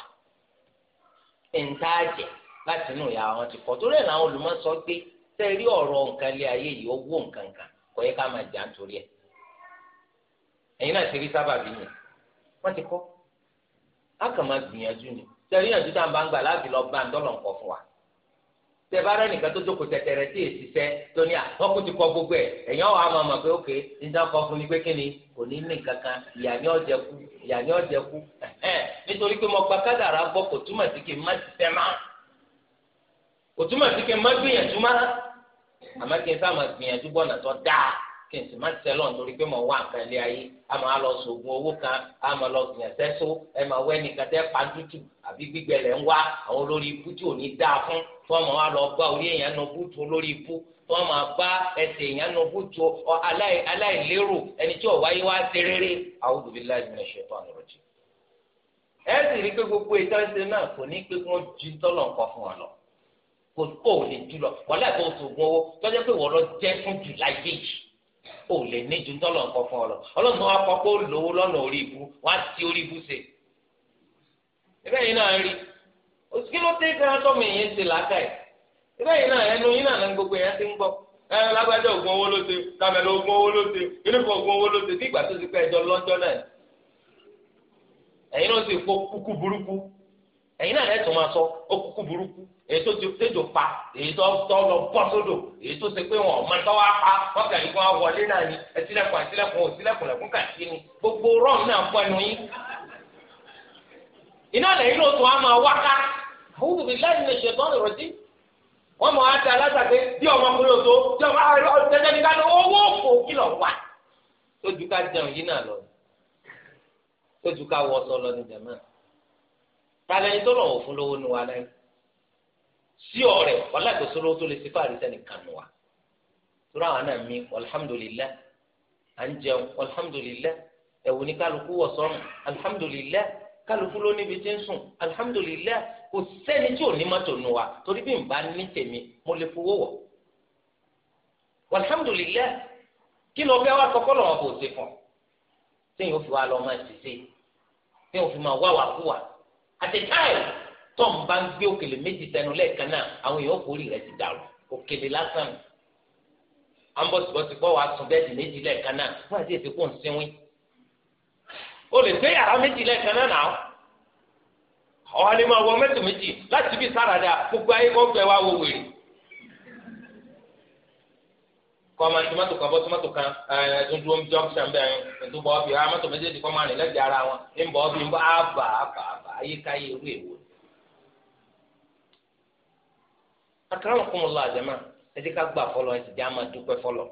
ẹ̀ ń tá àjẹ́ láti inú ìyá wọn ti kọ́ torí ẹ̀ làwọn olùmọ̀sọ gbé tẹ́ rí ọ̀rọ̀ nǹkan lé ayé yìí owó nǹkan kan kò yẹ ká máa jà nítorí ẹ̀ ẹ̀yin náà ti rí sábàbí yẹn wọ́n ti kọ́ á kàn máa gbìyànjú ni rí tá à ń bá ń gbà láti lọ bá nǹkan fún ti kọ́ gbogbo ni tẹ́ kò túmọ̀ sí kí n má gbìyànjú má àmọ́ kí n sá máa gbìyànjú bọ́ọ̀nà tó dáa kí n sì má tẹ̀lọ́ nítorí pé mo wá nǹkan lé ayé a máa lọ sògùn owó kan a máa lọ gbìyànjú ẹ̀só ẹ máa wẹ́ nìkan tẹ́ pàtútù àbí gbígbẹ̀lẹ̀ ń wá àwọn olórí ikú tí ò ní dáa fún tí wọ́n máa lọ bá orí èèyàn nu bútu olórí ikú tí wọ́n ẹsẹ̀ èèyàn nu bútu aláìlérò ẹni tí ò wáyé wá ṣe rere a'udhu billahi kò ó lè jù lọ wọlé àti oṣoògùn owó tọ́jú pé wọ́n lọ fún jù láyé yìí ó lè ní ju tọ́lọ̀ nǹkan fún ọ lọ ọlọ́run wa kọ́ lówó lọ́nà orí ibu wá sí orí ibu ṣe. ìbẹ́ yìí náà rí kí ló dé kí wọ́n tọ́mọ èèyàn ṣe ìbẹ́ yìí gbogbo ti ń gbọ́ ẹ lágbájá owó ló ṣe kàmẹ́lẹ́ owó ló ṣe owó ló ṣe bí ìgbà tó ti èyí tó ti tẹjọ pa èyí tó tọ lọ bọ sódò èyí tó ṣe pé wọn ọmọ tó wá pa wọn kà kó wá wọlé náà ni ẹtìlẹ̀kùn àtìlẹ̀kùn òtìlẹ̀kùn lẹ̀kùn kàtí ni gbogbo rọm náà pọ ẹnu yín iná lẹ́yìn náà tó wá máa wá ká àwọn òbí láì ní ṣètò ọ̀rọ̀ rẹ̀ sí wọ́n mọ̀ á ti alágbàgbé bí ọmọkùnrin òtó bí ọmọ ọ̀tẹ́tẹ́ ní kánú owó kò kìlọ̀ wà. tójú ká jẹun yìí náà lọ tójú ká sí ọ̀rẹ́ wàhálà ìgbésọlọ tó lè ṣe fáàrí sẹni kanu wa tóra àwọn náà mi alhamdulilayi à ń jẹun alhamdulilayi ẹwù ní kálukú wọ sọrùn alhamdulilayi kálukú ló níbi tí ń sùn alhamdulilayi kò sẹ́ni tí ò ní mọ́tò nu wa torí bí n bá ní tèmi mo lè fowó wọ alhamdulilayi kí ló fẹ́ wá kọ́kọ́ lọ́wọ́ kò ṣe fún ọ sẹ́yìn fi wá lọ́ọ́ máa ṣiṣẹ́ sẹ́yìn ó fi máa wá wà kú wa àti táyà. tó ń bá ń gbé òkèlè méjì sẹ́nu lẹ́ẹ̀kan náà àwọn èèyàn kórì rẹ̀ ti dàrú òkèlè lásán ambọ̀sibọ̀sibọ̀ wàá sùn bẹ́ẹ̀dì méjì lẹ́ẹ̀kan náà wọ́n àti èsì kò o lè gbé yàrá méjì lẹ́ẹ̀kan náà nà ọ́ ọ̀hán ni máa wọ mẹ́tò méjì láti bí sáradà gbogbo ayé kò wá wo wèrè tomato kan bọ́ tomato kan ẹ̀ dundun omi jọ́ ẹ̀ bọ́ bí ah, ọ́ akramakumullah àjẹmá ẹ jẹ́ ká gbà fọlọ ẹ sì jẹ́ àmà dúpẹ́ fọlọ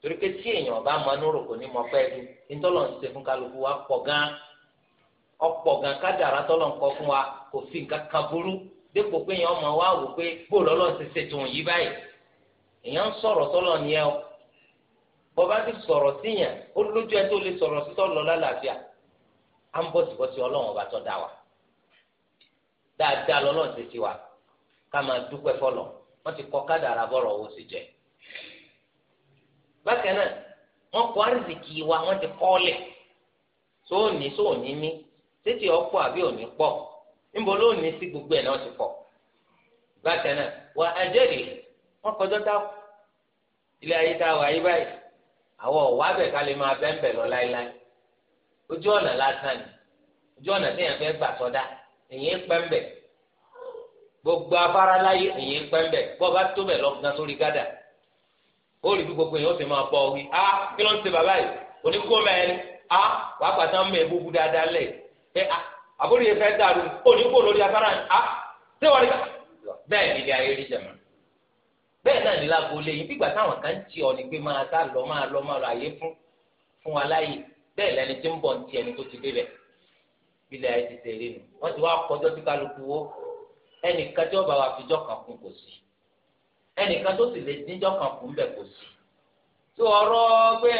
torí pé tí èèyàn bá máa nírò kò ní mọ pẹ́ du nítọ́lọ̀ ń ṣe fún kálukú wa pọ̀ gan ọ̀pọ̀ gan kádàrá tọ́lọ̀ ń kọ́ fún wa kò fi nǹkan kan burú dépò pé èèyàn máa wá wò pé bóòlù ọlọ́run ti ṣètò yìí báyìí èèyàn ń sọ̀rọ̀ tọ́lọ̀ ni ẹ o bọ́ bá ti sọ̀rọ̀ síyàn ó lójú ẹ tó lè sọ̀rọ̀ sí tọ́lọ̀ lálàáfíà á ń bọ̀ síbọ̀ sí ọlọ́run ọba tó dá wa dáadáa lọ́lọ́run ti ti wa kama máa dúpẹ́ fọlọ̀ wọ́n ti kọ́ kádàrà bọ́rọ̀ owó sì jẹ́. bákan náà wọ́n kọ́ àrìsìkì wa wọ́n ti kọ́ lẹ̀ sóòní sóòní ní títí ọ̀pọ̀ àbí òní pọ̀ níbo gbogbo ẹ̀ náà ti pọ̀. bákan náà wà á wọ́n kọjọ́ tá ilé ayé tá a wà yí báyìí àwọn ọ̀wá bẹ̀ ká lè máa bẹ́ńbẹ̀ lọ láéláé ojú ọ̀nà lásán ni ojú ọ̀nà fẹ́ gbà sọ́dá èyí ń gbogbo afárá láyé èyí ń pẹ́ tó bẹ̀ lọ́gán sórí gádà ó rí bí gbogbo èèyàn ó sì máa bọ̀ wí á kí ló ń ṣe bàbá yìí oníkó mẹ́rin mẹ́ gbogbo dáadáa lẹ̀ ẹ àbúrò yẹn fẹ́ dàrú oníkó lórí afárá ṣé wọ́n rí bẹ́ẹ̀ ni ilé ayé rí jẹ̀mọ́ bẹ́ẹ̀ náà ní lágbo lé yìí bígbà táwọn kan ti ọ ni pé máa ta lọ máa lọ máa lọ àyè fún fún wa láyè bẹ́ẹ̀ lẹni tí ń bọ̀ ní n'i tó ti ẹnìkan tí ọba wa fìjọ kan kún kò sí ẹnìkan tó sì lè díjọ kan kún bẹ kò sí tó ọ̀rọ̀ pé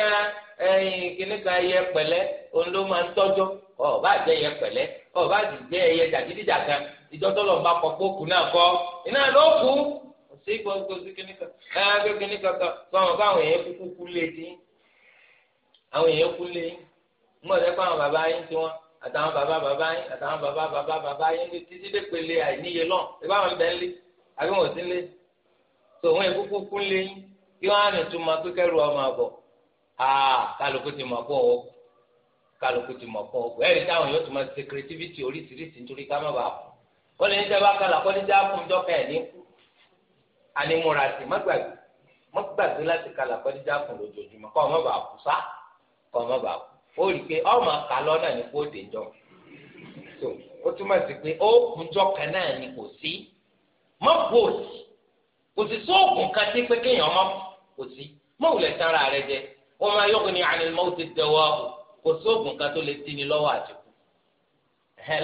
ẹ̀yìn kìnnìkan ẹyẹ pẹ̀lẹ́ òun ló máa ń tọ́jọ́ ọba àjẹ ẹyẹ pẹ̀lẹ́ ọba àjẹ ẹyẹ jàgídíjàga ìjọtọlọ ń bá pọ kókù náà kọ iná ló kú sí gbogbo sí kìnnìkan ẹ ẹ kìnnìkan kan fáwọn fáwọn èèyàn kúkú kú lé dín àwọn èèyàn kú lé mọ̀ ọ́ dẹ́kun àwọn bàbá yín tiwọn àtàwọn bàbá bàbá yín àtàwọn bàbá bàbá bàbá yín ní títí dé pèlè àìníye lọ ìbá wọn bẹ lé àbí wọn sí lé tó wọn ìkúkú kú lé yín kí wọn á nì tún ma pé kẹrù ọmọ àbọ aa kálukú ti mọ pọ o kálukú ti mọ pọ o ẹ̀rí táwọn yóò tún ma ṣe creativity oríṣiríṣi nítorí ká má bàa kú ó lè ní sábà kálá kó ní sábà kún jọkẹ ẹ ní kú ànímúra sí má gbàgbé má láti kálá kó ní kún lójoojúmọ́ kó ó rí i pé ọmọ kà lọ́nà ní kó dé jọ so ó túmọ̀ sí pé ó kúnjọ kan náà ni kò sí mọ́ bòòsì kò sí sóògùn kan tí pé kéèyàn mọ́ kò sí mọ́ òun lè sanra rẹ jẹ wọ́n máa yọkùn ní àná ìmọ̀ òtí dẹ̀wọ́ kò sóògùn kan tó lè dín ní lọ́wọ́ àtìkù.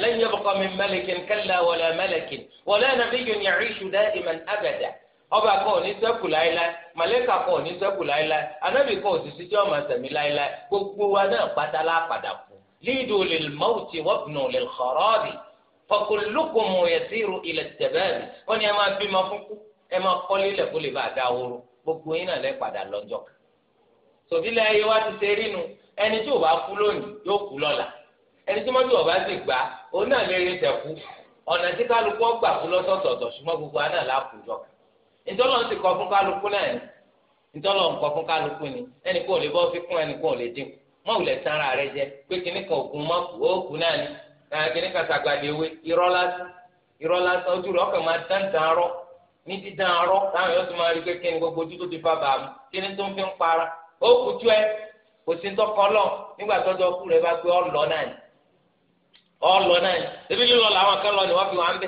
لن يبقى من ملك كلا ولا ملك ولا نبي يعيش دائما أبدا ọba kan ò ní ṣẹ́kù láéláé màlẹ́kà kan ò ní ṣẹ́kù láéláé anábì kan ò sì sí jọ́ ọmọ sẹ̀mí láéláé gbogbo wa náà pátá lápadà kú lídò lè mọ́wùtì wọ́pùnù lè xọ́rọ́ọ̀dì fọkùnlùkùn mọ̀yẹ́sìrù ilẹ̀ tẹ̀bẹ́ẹ̀rì wọ́n ní ẹ máa bímọ fún kú ẹ máa kọ́lé lẹ̀ kó lè bá a dá oró gbogbo yín náà lẹ́ padà lọ́jọ́ kan sòbílẹ̀ ayé wa ti ṣe rí nu ẹni tí ò bá kú lónìí yóò kú lọ́la ẹni tí mọ́tò ọ̀bá sì gbà òun náà lè rí tẹ̀kú ọ̀nà tí kálukú ọgbà kú lọ́sọ̀tọ̀ọ̀tọ̀ ṣùgbọ́n gbogbo aná làákùjọ kan ntọ́lọ́ ti kọ́ fún kálukú náà ni ntọ́lọ́ ń kọ́ fún kálukú ni ẹnì kò lè bọ́ fi kún ẹnì kò lè dín mọ́ wulẹ̀ sanra rẹ jẹ pé kíní kan òkun mọ́ náà ni kíní kan sàgbàdì ewé ojú rẹ ọkàn máa dán dán ní dídán arọ́ táwọn yóò tún máa rí pé kíni gbogbo ojú tó ti fa bàá mu kíni tó ń fi ń para tọjọ rẹ bá gbé ọlọ náà ni náà ni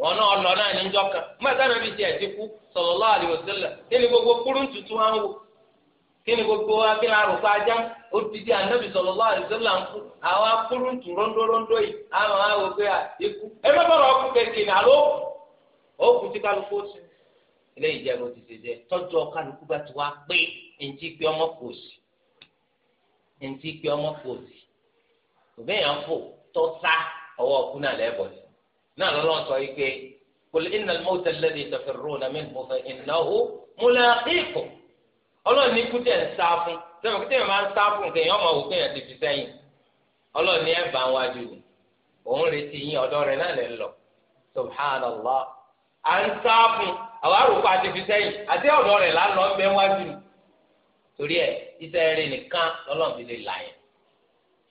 wọn náà lọ náà njọ kan mẹ́ta náà fi ti ẹ̀ ti kú sallallahu alaihi wasallam kí ni gbogbo kúrú tuntun wa ń wò kí ni gbogbo wa kí ni arúgbó ajá anabi sallallahu alaihi ń kú àwọn akúrú tù rọ́ńdọ́rọ́ńdọ́ yìí àwọn àwọn òkè ikú ẹ kékeré ní òkú tí kálukú ó ilé ti ọmọ kò sí ọmọ kò sí náà lọ́lọ́run sọ yìí pé qul innal mawta alladhi tafirruna minhu fa innahu mulaqikum ọlọ́run ní kúndẹ̀ ń sá fún sẹ́wọ̀n kúndẹ̀ máa ń sá fún nǹkan èèyàn máa wò ti fi sẹ́yìn ọlọ́run ní ẹ̀bà wájú ni òun retí yín ọ̀dọ́ rẹ̀ náà lè lọ subhanallah à ń sá fún àwọn àròkọ àti fi sẹ́yìn àti ọ̀dọ́ rẹ̀ lánàá ń torí ẹ̀ rẹ̀ nìkan lè là yẹn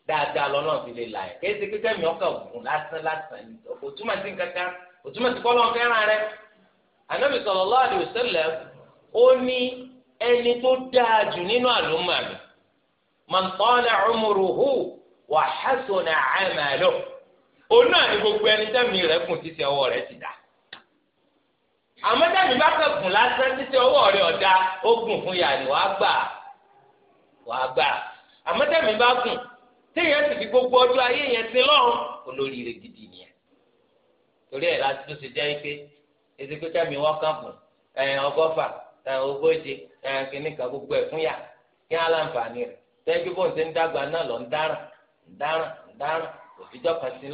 dáadáa lọ́nà ti lè là ẹ̀ kéésì kíkẹ́ mi ọkọ̀ ògùn lásán lásán ni sí kankan kò sí kọ́lọ́ fẹ́ràn rẹ. ó ní ẹni tó dáa jù nínú àlùmọ̀ mi man tala umruhu wa hasuna òun náà ni gbogbo ẹni tẹ́mi rẹ̀ kùn títí ọwọ́ rẹ̀ ti dà àmọ́ tẹ́mi bá kẹ́kùn lásán títí ọwọ́ rẹ̀ ọ̀dà ó gùn fún yàrá wàá gbà wàá gbà àmọ́ tẹ́mi bá téèyàn sì fi gbogbo ọjọ́ ayé yẹn sí lọ́rùn olóríire gidi nìyẹn torí ẹ̀ láti tó ṣe jẹ́ pé ezekúta mi wọ́n kàn fún ọgọ́fà ogóje kìnnì kan gbogbo ẹ̀ fún yà kí á láǹfààní rẹ̀ tẹ́jú bó ń ṣe ń dàgbà náà lọ ń dáràn ń dáràn ń dáràn kan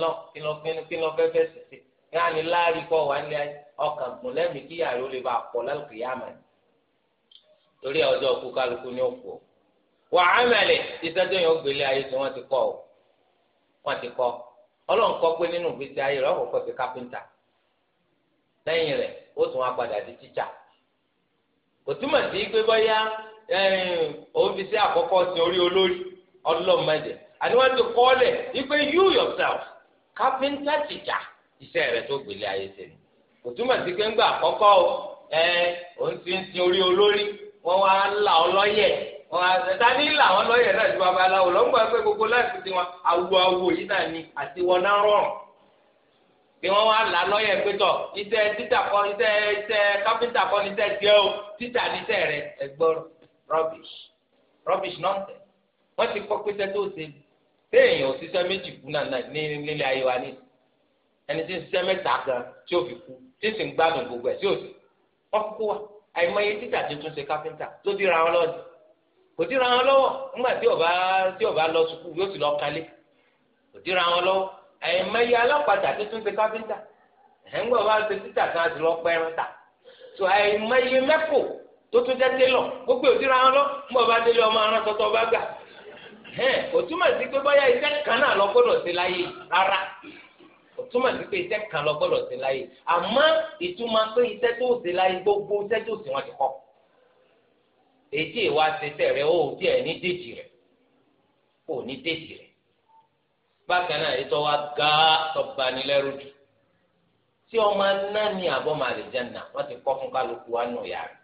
lọ kí kí a pọ̀ lálùkù torí ọjọ́ kálukú ní òkú wà á mẹ́lẹ̀ iṣẹ́ tó yàn ó gbélé ayé tí wọ́n ti kọ́ ọ wọ́n ti kọ́ ọlọ́run pé nínú ìgbésí ayé rẹ̀ ọkọ̀ ti kápẹ́ńtà lẹ́yìn rẹ ó tún wá padà di tíjà kò túmọ̀ sí pé bọ́yá eh, òun fi sí àkọ́kọ́ orí olórí ọlọ́mọdé ti kọ́ you yourself iṣẹ́ tó gbélé ayé ṣe ni kò túmọ̀ sí pé ńgbà àkọ́kọ́ eh, òun ti ń sin orí olórí wọ́n ọ̀tá ní làwọn lọ́yẹ̀ náà ju babaláwo lọ ń gbọ́ pé gbogbo láìpẹ́ tí wọn awo awo yìí náà ni àti wọn náà rọrùn bí wọn wá là lọ́yẹ̀ pétọ̀ iṣẹ́ títà kọ́ iṣẹ́ iṣẹ́ kápẹ́ntà kọ́ ní iṣẹ́ tiẹ́ o títà ní iṣẹ́ rẹ ẹgbọ́ rubbish rubbish nonsense wọ́n ti kọ́ pété tó ṣe téèyàn òṣìṣẹ́ méjì kú náà ní nílé ayé wa ní ẹni tí ń ṣiṣẹ́ mẹ́ta gan tí ó fi kú tí sì ń gbádùn gbogbo ẹ̀ tí ó sì wọ́n kú wa àìmọye títà tuntun ṣe kápẹ́ntà tó ti ra wọn lọ́dún kò dira wọn lọ́wọ́ nígbà tí ọba tí ọba lọ sukù yóò sì lọ kalẹ kò wọn alápàdà tó tún ṣe káfíńtà ṣe títà kan àti lọ pẹ́ẹ́rán tà tó àyẹmẹyẹ mẹ́kò tó tún jẹ́ télọ̀ gbogbo òdìrà wọn lọ mọ̀ bá délé ọmọ aràn tọ́tọ́ gbà sí pé iṣẹ́ kan náà lọ gbọ́dọ̀ sí láyé rárá kò sí pé iṣẹ́ kan lọ gbọ́dọ̀ sí láyé àmọ́ ìtumọ̀ pé iṣẹ́ tó ṣe láyé gbogbo ètí ìwà tẹsẹ̀ rẹ ó díẹ̀ ní déjì rẹ ó ní déjì rẹ bákan náà ètò wa gá jù tí ọmọ máa lè ti kọ́ fún kálukú wa nù yàrá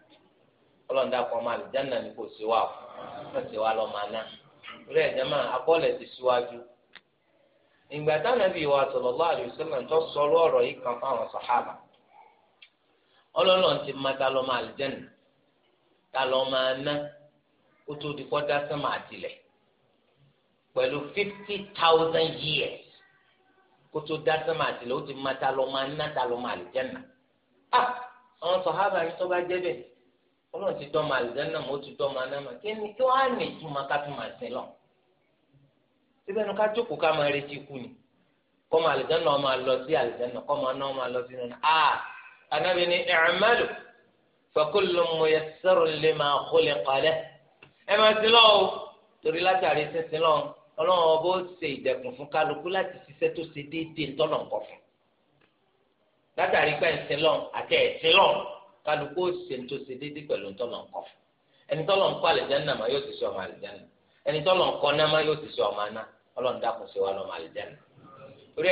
ọlọ́ọ̀dà kan máa lè jẹ́nà ní kò sí wa fún wọ́n ti wá lọ́ máa ná ti síwájú ìgbà táwọn ẹbí wa sallallahu sọ ọ̀rọ̀ yìí kan fáwọn sàhábà ti máa ta máa lè ta lọ máa ná kó tó di kọ́dá sánmà àtìlẹ̀ pẹ̀lú fifty thousand years kó tó dá sánmà àtìlẹ̀ ó ti máa ta lọ máa ná ta lọ máa àlìjẹ́nà á ah! àwọn sọ̀hábà yìí tó bá jẹ́ bẹ́ẹ̀ ọlọ́run ti dán máa àlìjẹ́nà mọ́ ó ti dán máa ná máa kí ni kí wọ́n á nì túmọ̀ ká tún máa sin lọ síbẹ̀ ni ká jókòó ká máa retí ikú ni kọ́ máa àlìjẹ́nà ọmọ àlọ́ sí àlìjẹ́nà kọ́ máa ná ọmọ àlọ́ sí ah! nínú fakullu muyassarun lima khuliqa lahu ẹ máa sin lọ́wọ́ torí látàrí sísin lọ́wọ́ ọlọ́run ọba ó ṣe ìdẹ̀kùn fún kálukú láti ṣiṣẹ́ tó ṣe déédéé ńtọ́nà ńkọ fún látàrí pé ẹ̀sìn lọ́wọ́ àti ẹ̀sìn lọ́wọ́ kálukú ó ṣe tó ṣe déédéé pẹ̀lú ńtọ́nà ńkọ fún ẹni tọ́lọ̀ ńkọ àlìjáná mà yóò ti ṣe ọmọ àlìjáná ẹni tọ́lọ̀ ńkọ náà mà yóò ti ṣe ọmọ aná ọlọ́run dákun ṣe wá lọ́mọ àlìjáná torí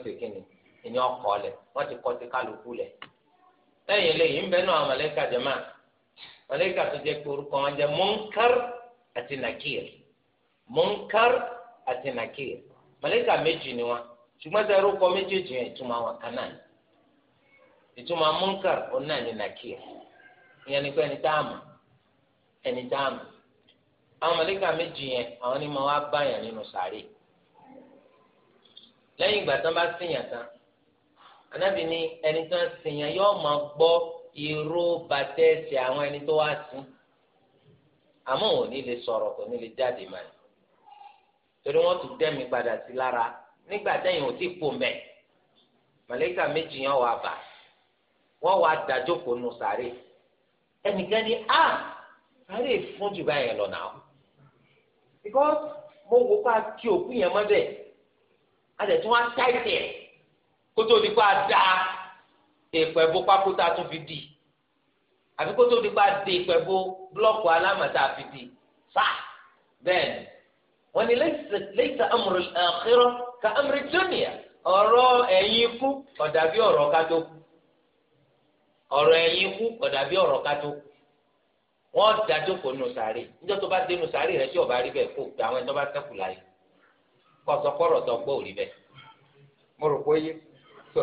ẹ̀jẹ̀ ìní ọkọ lẹ wọn ti kọ sí kálukú lẹ lẹ́yìn eléyìí ń bẹ náà mọlẹka jẹmọ mọlẹka tó jẹ pé orúkọ wọn jẹ munkar àti nakir munkar àti nakir mọlẹka méjì ni wọn ṣùgbọ́n sẹ orúkọ méjèèjì yẹn ìtumọ̀ àwọn kan náà munkar òun náà ni ìyẹn ni pé ẹni tá a mọ̀ ẹni tá a àwọn mọlẹka méjì yẹn àwọn ni mo wá anábì ní ẹni tó ń sìn yẹn yóò máa gbọ́ ìró bàtẹ́ẹ̀sì àwọn ẹni tó wá sí àmọ́ ò ní lè sọ̀rọ̀ kò ní lè jáde mà torí wọ́n tún dẹ́mi padà sí lára nígbà tẹ́yìn ò tí pò mẹ́ màlẹ́kà méjì yẹn wà bà wọ́n wà dájókòó nù sàárè ẹnìkan ní a sàárè fún jù báyẹn lọ náà because mo wò pa kí òkú yẹn mọ́ bẹ́ẹ̀ a dẹ̀ tún wá táìtì ẹ̀ kótó di pa da èèpẹ̀ bó pákótá tó fi di àfi kótó di pa de èèpẹ̀ bó búlọ́ọ̀kù alámọ̀tá fi di fa bẹ́ẹ̀ ni wọ́n ní laysa amru al-akhirah ka amri dunya ọ̀rọ̀ ẹ̀yìn ikú ọ̀dà bí ọ̀rọ̀ kátó ọ̀rọ̀ ẹ̀yìn ikú ọ̀dà bí ọ̀rọ̀ kátó wọ́n dájókòó nù sàárè níjọ́ tó bá dé nù sàárè rẹ̀ tí ọba rí bẹ́ẹ̀ kó gba àwọn ẹni bá ṣẹ́kù láyé kó tó gbọ́ òrí bẹ́ẹ̀ mo rò pé yé so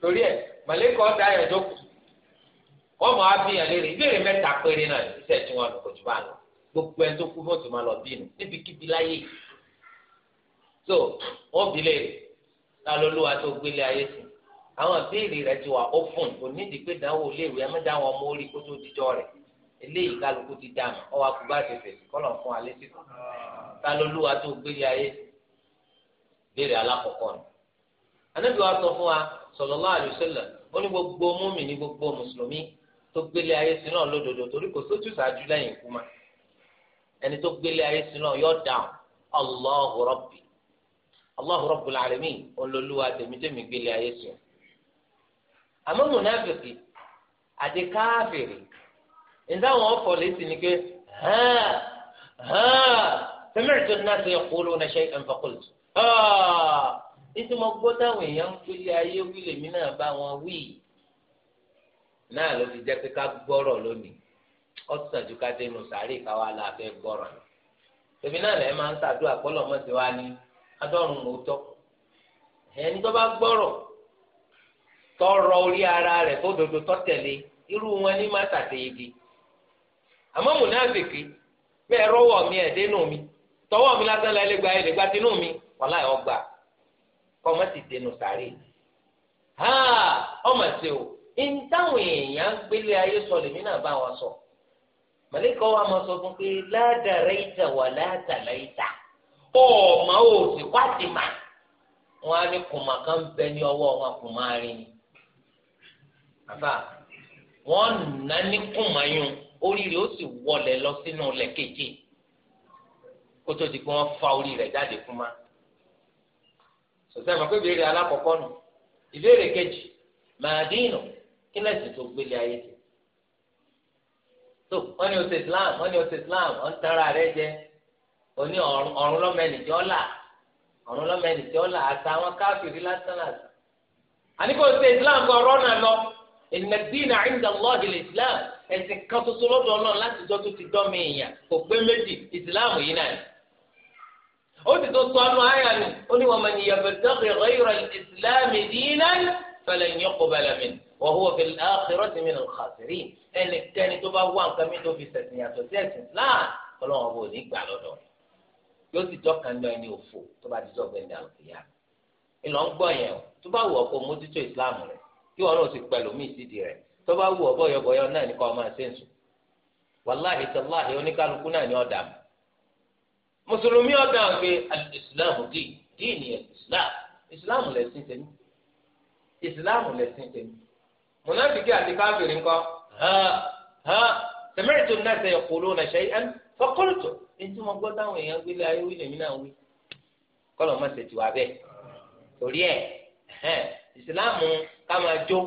torí ẹ màlẹ́kọ̀ ọ̀dà yẹn jókòó wọ́n mọ̀ á bí yàn léèrè ìbéèrè mẹ́ta péré náà iṣẹ́ tí wọ́n kò jù bá lọ gbogbo ẹni tó kú fún tòun lọ bínú níbikíbi láyé so wọ́n bí léèrè ta ló lówà tó gbélé ayé sí àwọn ìbéèrè rẹ ti wà open kò ní ìdígbé dánwò léèrè ẹ mẹ́ta àwọn ọmọ orí kó tó dijọ́ rẹ̀ eléyìí kálukú ti dà mọ́ ọwọ́ akú bá ti fèsì kọ́lọ̀ fún alẹ́ sí ta ló lówà tó gbélé ayé sí ìbéèrè alákọ̀ọ́kọ́ ni anábì wa sọ fún wa sallallahu alaihi wasallam ó ní gbogbo múmi ní gbogbo mùsùlùmí tó gbélé ayé sí náà lódodo torí kò sójú ṣáájú lẹ́yìn ikú ma ẹni tó gbélé ayé sí náà yọ dáhùn Allahu Rabbi Allahu Rabbul alamin olólùwà tèmítèmí gbélé ayé sí. àmọ́ mùnàfíkì àti káfìrì ìdáhùn ọ̀fọ̀ létí ni pé hàn hàn sami'tu an-nas yaquluna shay'an faqultu hàn. Ah, títí mo gbọ́ táwọn èèyàn ń pélé ayé wí lèmi náà bá wọn wí náà ló ti jẹ́ pé ká gbọ́rọ̀ lónìí ó ti sàn ju ká dé inú sàárè káwá la fẹ́ gbọ́rọ̀ ni èmi náà lẹ́ẹ̀ máa ń gbọ́rọ̀ tọrọ orí ara rẹ̀ fódodo tọ́tẹ̀lé irú wọn ní má tàtẹ́yege àmọ́ mùnáfìkì bẹ́ẹ̀ rọ́wọ́ mi kọ́ mọ́ ti dẹnu sàárè ha ọmọ ṣe o ń táwọn èèyàn gbélé ayé sọ lèmi náà bá wọn sọ màlíkà wa máa sọ fún pé ládàrá ìjà wà látàlá ìjà ọmọ ò sì pàtì mà wọn á ní kùmà kan bẹ ní ọwọ́ wọn kùmà rìn ni wọn nà ní kùmà yún orí ó sì wọlé lọ sínú lẹkẹjẹ kótó di pé wọn fa orí rẹ̀ jáde fún ma sọ̀tẹ́ mọ̀ pé ìbéèrè alákọ̀ọ́kọ́ nù ìbéèrè kejì màdínù kí lẹ́sìn tó gbélé ayé tẹ̀. tó wọ́n ní o ṣe Islam wọ́n ní o ṣe Islam wọ́n ń tara rẹ jẹ oní ọ̀run lọ́mẹ́ni tí ó là ọ̀run tí ó là àtàwọn káfíìrì lásán àníkò ṣe Islam kọ ọ̀rọ̀ náà lọ ìnàdínà ìdàlọ́ọ̀dì Islam ẹ̀sìn kan tuntun lọ́dọ̀ láti jọ́ tó ti dọ́ mi ìyàn kò pé méjì Islam yìí náà ó sì tó sọ ọ́nù ayà ni ó ní wọn mọ̀nyí yabtaghi ghayra al-islam dinan falan yuqbala min wa huwa fil akhirati min al-khasirin ẹnikẹ́ni tó bá wá nǹkan mi tó fi sẹ̀sìn yàtọ̀ sí ẹ̀sìn Islam ọlọ́wọ́n bò ní gbà lọ́dọ̀ rẹ̀ yóò sì jọ́ kan lọ ẹni òfò tó bá ti sọ̀gbẹ́ ní àlùkìyà ìlọ ń gbọ́ yẹn o tó bá wù ọ́ mójútó Islam rẹ̀ kí wọn náà ti pẹ̀lú míì sídìí rẹ̀ tó bá wù ọ́ bọ́yọ̀bọ́yọ̀ náà ní kọ́ ọ máa ṣe wàláhìí tàláhìí oníkálukú náà ní ọ̀dà mùsùlùmí ọ̀dà àgbẹ̀ islam dì dì ní islam islam lẹ́sìn tẹ̀mí islam lẹ́sìn tẹ̀mí mùnàfíkì àti káfíìrì ńkọ́ ha ha sẹ̀mẹ́rìtò náà sẹ̀ kúló na ṣe ẹn fọkúrútò ẹ̀ńtí mo gbọ́ táwọn èèyàn gbélé ayé wí lèmi náà wí kọ́lọ̀ má ṣètì wá bẹ́ẹ̀ torí ẹ̀ islam ká máa jó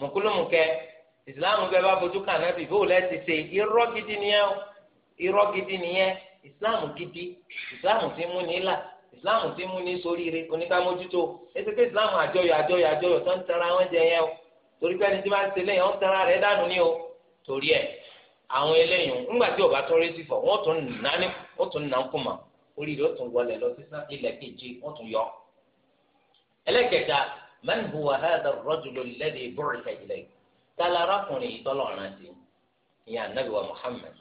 mùkúlùmùkẹ́ islam bẹ́ẹ̀ bá bójú kàn náà bìbó lẹ́sìn ṣe irọ́ gidi nìyẹn irọ́ gidi nìyẹn. islam gidi islam ti mú ní là islam ti mú ní ṣoríire oníkàmójútó ẹsẹ̀kẹ́ islam àjọyọ̀ tó ń tara wọn jẹ yẹn o torí pé ẹni tí wọ́n ti lẹ́yìn ọ̀n tara rẹ̀ dànù ní o torí ẹ̀ àwọn eléyìí ńgbà tí ọba sí fọ wọ́n tún nà ní wọ́n tún nà ń kùmà oríire ó tún wọlé lọ sí ilẹ̀ kejì wọ́n tún yọ. muhammad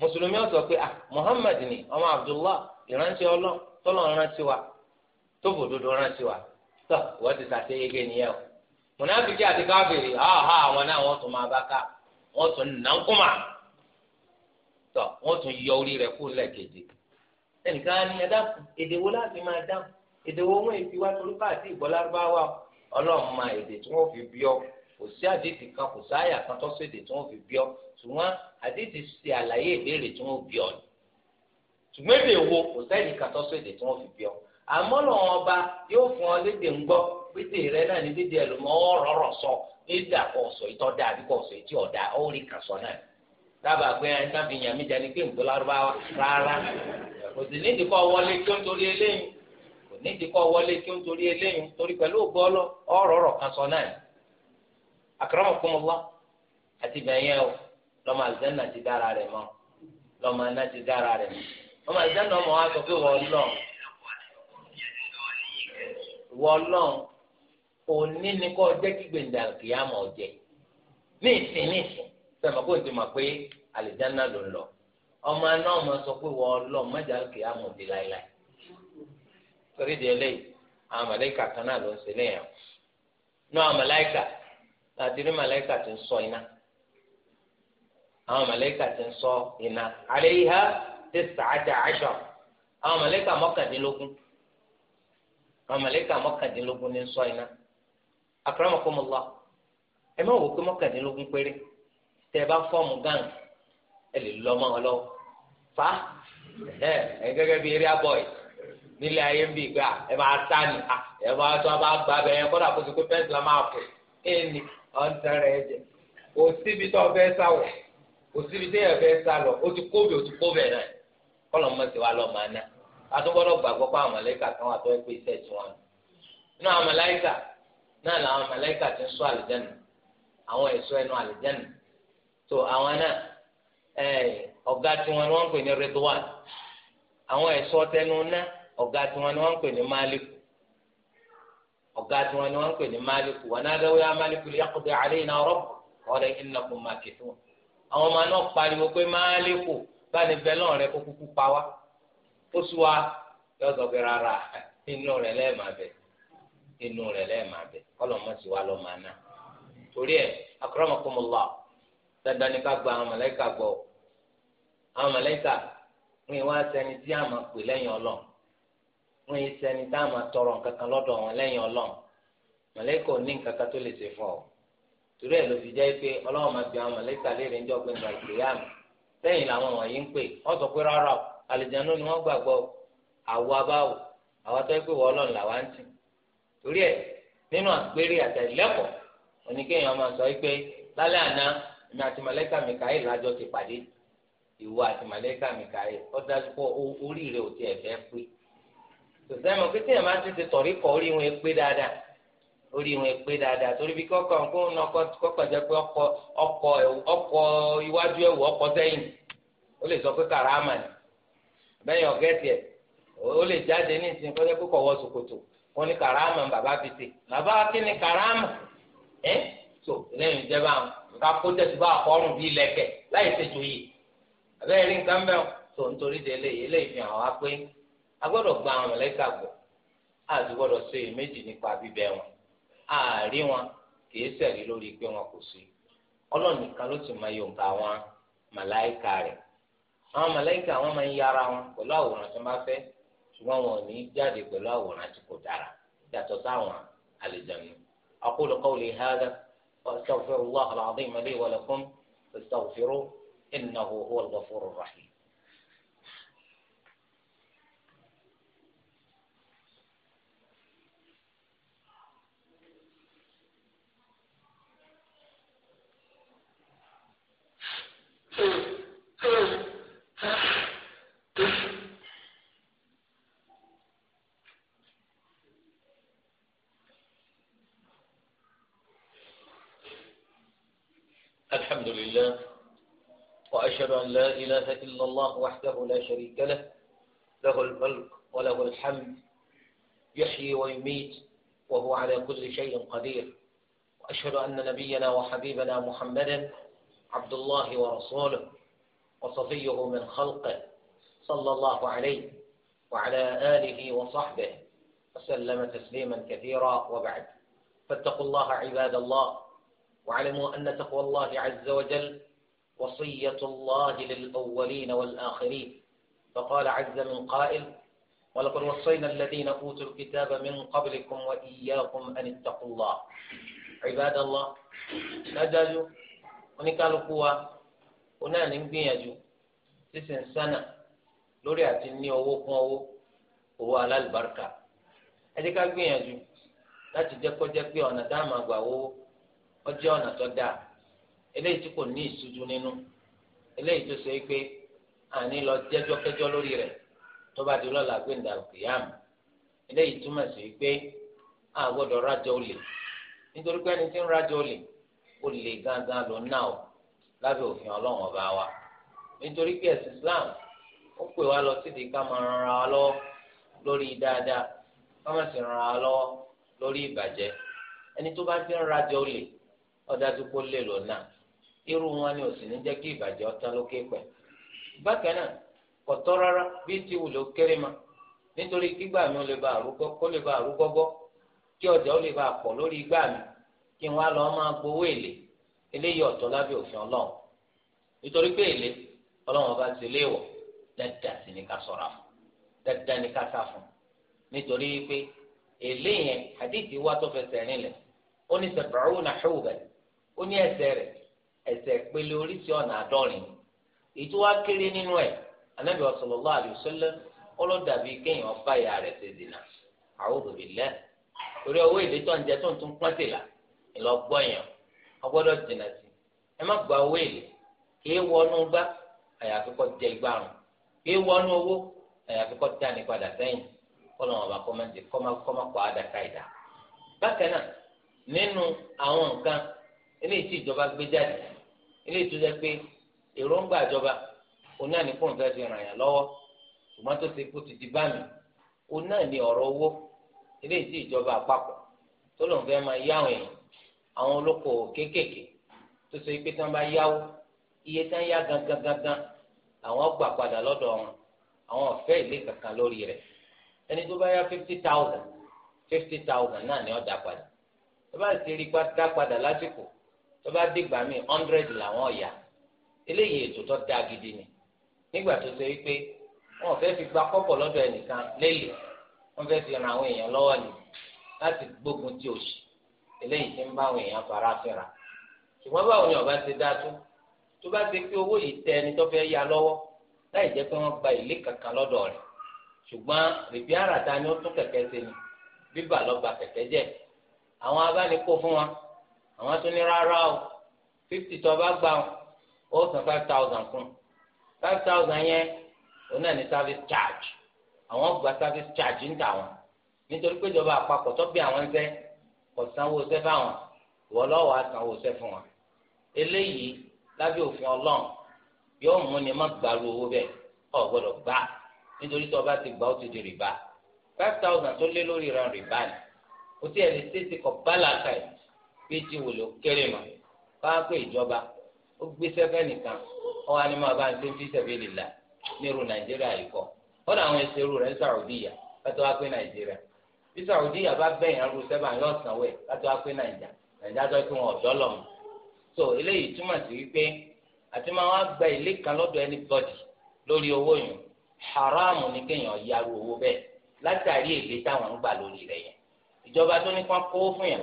mùsùlùmí ó sọ pé ah muhammad ni ọmọ abdullah ìránṣẹ́ ọlọ́ tọ́lọ̀ ránṣẹ́ wa tó fòdodo ránṣẹ́ wa tọ́ wọ́n ti sàṣẹ yege nìyẹn o mùnàfíkì àti káfíìrì áhà àwọn náà wọ́n tún máa bá ká wọ́n tún nàkúmà tọ́ wọ́n tún yọ orí rẹ̀ kú lẹ́ẹ̀kejì ẹnìkan ni ẹ dákun èdè wo láti máa dákun èdè wo èfi wá torí pàtì ìgbọ́lárúbáwá ọlọ́run máa èdè tí wọ́n fi bí ọ kò sí àdìsí kan kò sáyà kan tó ṣèdè tí wọ́n fi bí ọ ṣùgbọ́n àdìsí ṣe àlàyé ìbéèrè tí wọ́n bí ọ ni ṣùgbọ́n èdè wo kò sẹ́yìn kan tó ṣèdè tí wọ́n fi bí ọ àmọ́ lọ́wọ́ ọba yóò fún ọ lédè ń gbọ́ pété rẹ náà ní dídì ẹlòmọ́ ọ̀rọ̀ sọ nídìí àkọ́sọ ìtọ́dá àbí kọ́sọ ìtì ọ̀dá ó rí kàṣọ náà dábàá pé ẹni tá fi yàn mí jẹni pé nǹkan lárúbáwá rárá kò sì nídìí kọ́ wọlé kí ó ń torí eléyìí kò nídìí kọ́ wọlé kí ó ń torí eléyìí torí pẹ̀lú ògbọ́ ọ̀rọ̀ ọ̀rọ̀ kàṣọ náà akramakumullah àti bẹ̀yẹ o lọ́mọ àlùjáná ti dára rẹ̀ mọ́ lọ́mọ aná ti dára rẹ̀ mọ́ ọmọ wa sọ pé wọ́n lọ wọ́n òní ni kò jẹ́ kí gbèǹdà kìyàmọ̀ jẹ ní ìsìn ní ìsìn sọ̀rọ̀ ma o ti pé ló ń lọ ọmọ aná ọmọ sọ pé wọ́n di torí di àwọn kan náà ló ń láti rí màláìka tí ń sọ iná àwọn màláìka ti ń ina iná alayha tis'ata ashar àwọn màláìka mọ́kàndínlógún àwọn a mọ́kàndínlógún ní ń sọ iná akramakumullah ẹ má wò pé mọ́kàndínlógún péré tẹ ẹ bá fọ́ọ̀mù gán ẹ lè lọ́mọ ọlọ́wọ́ fa ẹ ẹ gẹ́gẹ́ bí area boy nílé ayé ń bì gbà ẹ máa tani ẹ máa tó a kó ti pẹ́ńsì ọ̀ntàn rẹ̀ jẹ kò síbi tó ọbẹ̀ sá wọ̀ kò síbi tó ọbẹ̀ sá lọ o ti ti náà kọ́lọ̀ mọ̀ sí wa lọ́ máa ná atúgbọ́dọ̀ gbàgbọ́ pé àwọn kan wà tó pé iṣẹ́ ti wọn àwọn náà làwọn ti ń àwọn ẹnu tó àwọn náà ọ̀gá ni wọ́n ń pè ní àwọn tẹnu ọ̀gá ni wọ́n ń pè ní ọ̀gá tí wọn ni wọ́n ń pè ní máàlìkù wọn náà lọ́wọ́ yá máàlìkù lè yàkùdé àlẹ́ iná ọ̀rẹ́ àwọn ọmọ náà pariwo pé máàlìkù bá ní bẹ́ẹ̀ lọ́rùn rẹ kó kúkú pa wá ó sú wa yọ sọ pé rárá inú rẹ lẹ́ẹ̀mà bẹ̀ inú rẹ lẹ́ẹ̀mà bẹ̀ kọ́lọ̀ mọ́ sí wa lọ́ máa ná torí a wọn yìí sẹni tá a tọrọ nǹkan kan lọ́dọ̀ wọn lẹ́yìn Ọlọ́run mọlẹkọ ní nǹkan kan tó lè ṣe fún ọ torí ẹ ló fi jẹ́ pé Ọlọ́run máa bí àwọn mọlẹkà léèrè ńjọ pé nǹkan ìgbéyàmù sẹ́yìn làwọn wọ̀nyí ń pè wọn sọ pé rárá o ni wọn àwọ abáwò àwọn tó ń tì torí sọ̀tẹ́ mọ̀ pé tíyẹ̀ máa ti ti tọ̀rí kọ orí wọn pé dáadáa orí wọn pé dáadáa torí bí kọ́kọ́ kó ń nọkọ́ kọ́kọ́ jẹ́ pé ọkọ̀ ọkọ̀ iwájú ẹ̀wù ọkọ̀ sẹ́yìn ó lè sọ pé kàràmà ni bẹ́yìn ọ̀gẹ́tì ẹ̀ ó lè jáde ní ìsìn kọ́jẹ́ pé kọ̀wọ́ wọn bàbá fi tè bàbá kí ni kàràmà ẹ́ tó lẹ́yìn ìjẹba nǹkan kó tẹ̀sí bá àkọ́rùn bíi lẹ́kẹ̀ láì ṣèjòyè nǹkan bẹ́ẹ̀ tó a gbọ́dọ̀ gba àwọn mọ̀lẹ́kà gbọ́ a ti gbọ́dọ̀ ṣe èméjì nípa bíbẹ̀ wọn a rí wọn kì í ṣẹ̀rí lórí pé wọn kò sí ọlọ́run nìkan ló ti máa yọ̀ǹkà àwọn mọ̀lẹ́kà rẹ̀ àwọn mọ̀lẹ́kà wọn máa ń yára wọn pẹ̀lú àwòrán tó bá fẹ́ ṣùgbọ́n wọn ò ní jáde pẹ̀lú àwòrán tí kò dára yàtọ̀ sáwọn àlejànú aqulu qawli hadha wa astaghfirullaha al-azim li wa lakum أن لا إله إلا الله وحده لا شريك له له الملك وله الحمد يحيي ويميت وهو على كل شيء قدير وأشهد أن نبينا وحبيبنا محمدا عبد الله ورسوله وصفيه من خلقه صلى الله عليه وعلى آله وصحبه وسلم تسليما كثيرا وبعد فاتقوا الله عباد الله واعلموا أن تقوى الله عز وجل وصية الله للأولين والآخرين فقال عز من قائل ولقد وصينا الذين أوتوا الكتاب من قبلكم وإياكم أن اتقوا الله عباد الله dájú oníkálukú wa onáà ní gbìyànjú sísè ń sánà lórí àti ní owó kún owó owó alálùbáríkà ẹ jẹ́ ká gbìyànjú láti jẹ́ kó jẹ́ pé ọ̀nà tá a máa gbà owó ó jẹ́ ọ̀nà tó dáa eléyìí tí kò ní ìṣújú nínú eléyìí tó ṣe é pé àní lọ jẹ́jọ́kẹ́jọ́ lórí rẹ̀ tó bá di lọ́la gbẹ̀ǹdà òkèèyàn eléyìí túmọ̀ sí pé a gbọ́dọ̀ rájọ olè nítorí pé ẹni tí ń rájọ olè o lábẹ́ òfin ọlọ́run ọba wa nítorí pé ẹ̀sìn Islam ó pè wá lọ sídìí ká máa ran ara wa lọ́wọ́ lórí dáadáa ká má sì ran ara wa lọ́wọ́ lórí ìbàjẹ́ ẹni tó bá ti ń rájọ olè lè lọ náà. irú wọn ni ò sì ní jẹ́ kí ìbàjẹ́ ọ̀tá lókè pẹ̀. bákan náà rárá bí ti wùlò kéré ma nítorí kígbà mi ò lè ba àrúgbọ́ kó lè ba àrúgbọ́gbọ́ kí ọjà ó lè ba àpọ̀ lórí igbá mi kí lọ máa gbowó èlé eléyìí ọ̀tọ̀ lábẹ́ òfin ọlọ́run nítorí pé èlé ọlọ́run ọba ti léèwọ̀ dáadáa sì ní ká ṣọ́ra fún dáadáa ní ká sá fún nítorí pé èlé yẹn ese pele oríṣi ọ̀nà àádọ́rin ètò wa kéré nínú ẹ̀ anábì sallallahu alaihi wasallam ọlọ́dàbí kéèyàn bá ìyá rẹ̀ ṣe dènà a'udhu billah torí owó èlé tó ń jẹ tó ń tún pọ́n tìlà ìlọgbọ́yàn ọgbọ́dọ̀ dènà sí ẹ má gba owó èlé kí wọnú gbá àyàfi kọ́ jẹ igbárùn kí wọnú owó àyàfi kọ́ ilé ìtújẹ pé èròǹgbà ìjọba òun náà ní kóun fẹ́ fi ràn yàn lọ́wọ́ ṣùgbọ́n tó ti kú ti di bá mi òun náà ní ọ̀rọ̀ owó ilé ìtí ìjọba àpapọ̀ tó lòun fẹ́ máa yá àwọn èèyàn àwọn olókoòwò kéékèèké tó sọ pé tí wọ́n bá yáwó iye tí wọ́n yá gangan gangan àwọn gbà padà lọ́dọ̀ wọn àwọn ọ̀fẹ́ ilé kankan lórí rẹ̀ ẹni tó bá yá fifty thousand fifty thousand náà ni ó padà tó bá sì rí i dá padà lásìkò tó bá dìgbà míì hundred làwọn ọ̀yà eléyìí ètò tó dáa gidi ni nígbà tó ṣe wípé wọn fẹ́ fi gba kọ́pọ̀ lọ́dọ̀ ẹnìkan lélẹ̀ wọn fẹ́ fi ran àwọn èèyàn lọ́wọ́ ni láti gbógun ti òṣì eléyìí ti ń bá àwọn èèyàn fara fínra ṣùgbọ́n báwo ni ọba ti dá tó tó bá ti pé owó yìí tẹ ẹni tó fẹ́ ya lọ́wọ́ láì jẹ́ pé wọ́n gba ìlé kankan lọ́dọ̀ rẹ̀ ṣùgbọ́n rìbí àràtà ni ó tún kẹ̀kẹ́ ṣe ni bíbà lọ́ba kẹ̀kẹ́ jẹ́ àwọn abánikó fún wọn àwọn tó ní rárá o fifty tó bá gbà ó san five thousand fún five thousand yẹn òun náà ní service charge àwọn gba service charge ń tà wọn nítorí pé ìjọba àpapọ̀ tó bí àwọn ń sẹ́ kò sanwó sẹ́ fáwọn ìwọ lọ́wọ́ á sanwó sẹ́ fún wọn eléyìí lábẹ́ òfin ọlọ́run yóò mú ni má gbaru owó bẹ́ẹ̀ ọ̀ gbọ́dọ̀ gbà nítorí tó bá ti gbà ó ti di rìbá five thousand tó lé lórí ìran rìbá ni kò tí ẹ̀ lè tètè kọ̀ bá làákà péjì wò ló kéré mọ káwá pé ìjọba ó gbé sẹfẹ nìkan ó wà ní máa bá ń ṣe fi sẹfẹ lè là nírú nàìjíríà yìí kọ ó dà àwọn ẹsẹ irú rẹ ní sàrúdìyà kátó wá pé nàìjíríà bí sàrúdìyà bá bẹyìn arú sẹfà yóò sanwó ẹ kátó wá pé nàìjà nàìjà tó kí wọn ọdọ lọmọ so eléyìí túmọ̀ sí wípé àti máa wá gba ilé kan lọ́dọ̀ anybody lórí owó yẹn haramu ni kéèyàn yarú owó bẹ́ẹ̀ látàrí èlé táwọn ń gbà lórí rẹ̀ yẹn ìjọba tó ní kán kó fún yẹn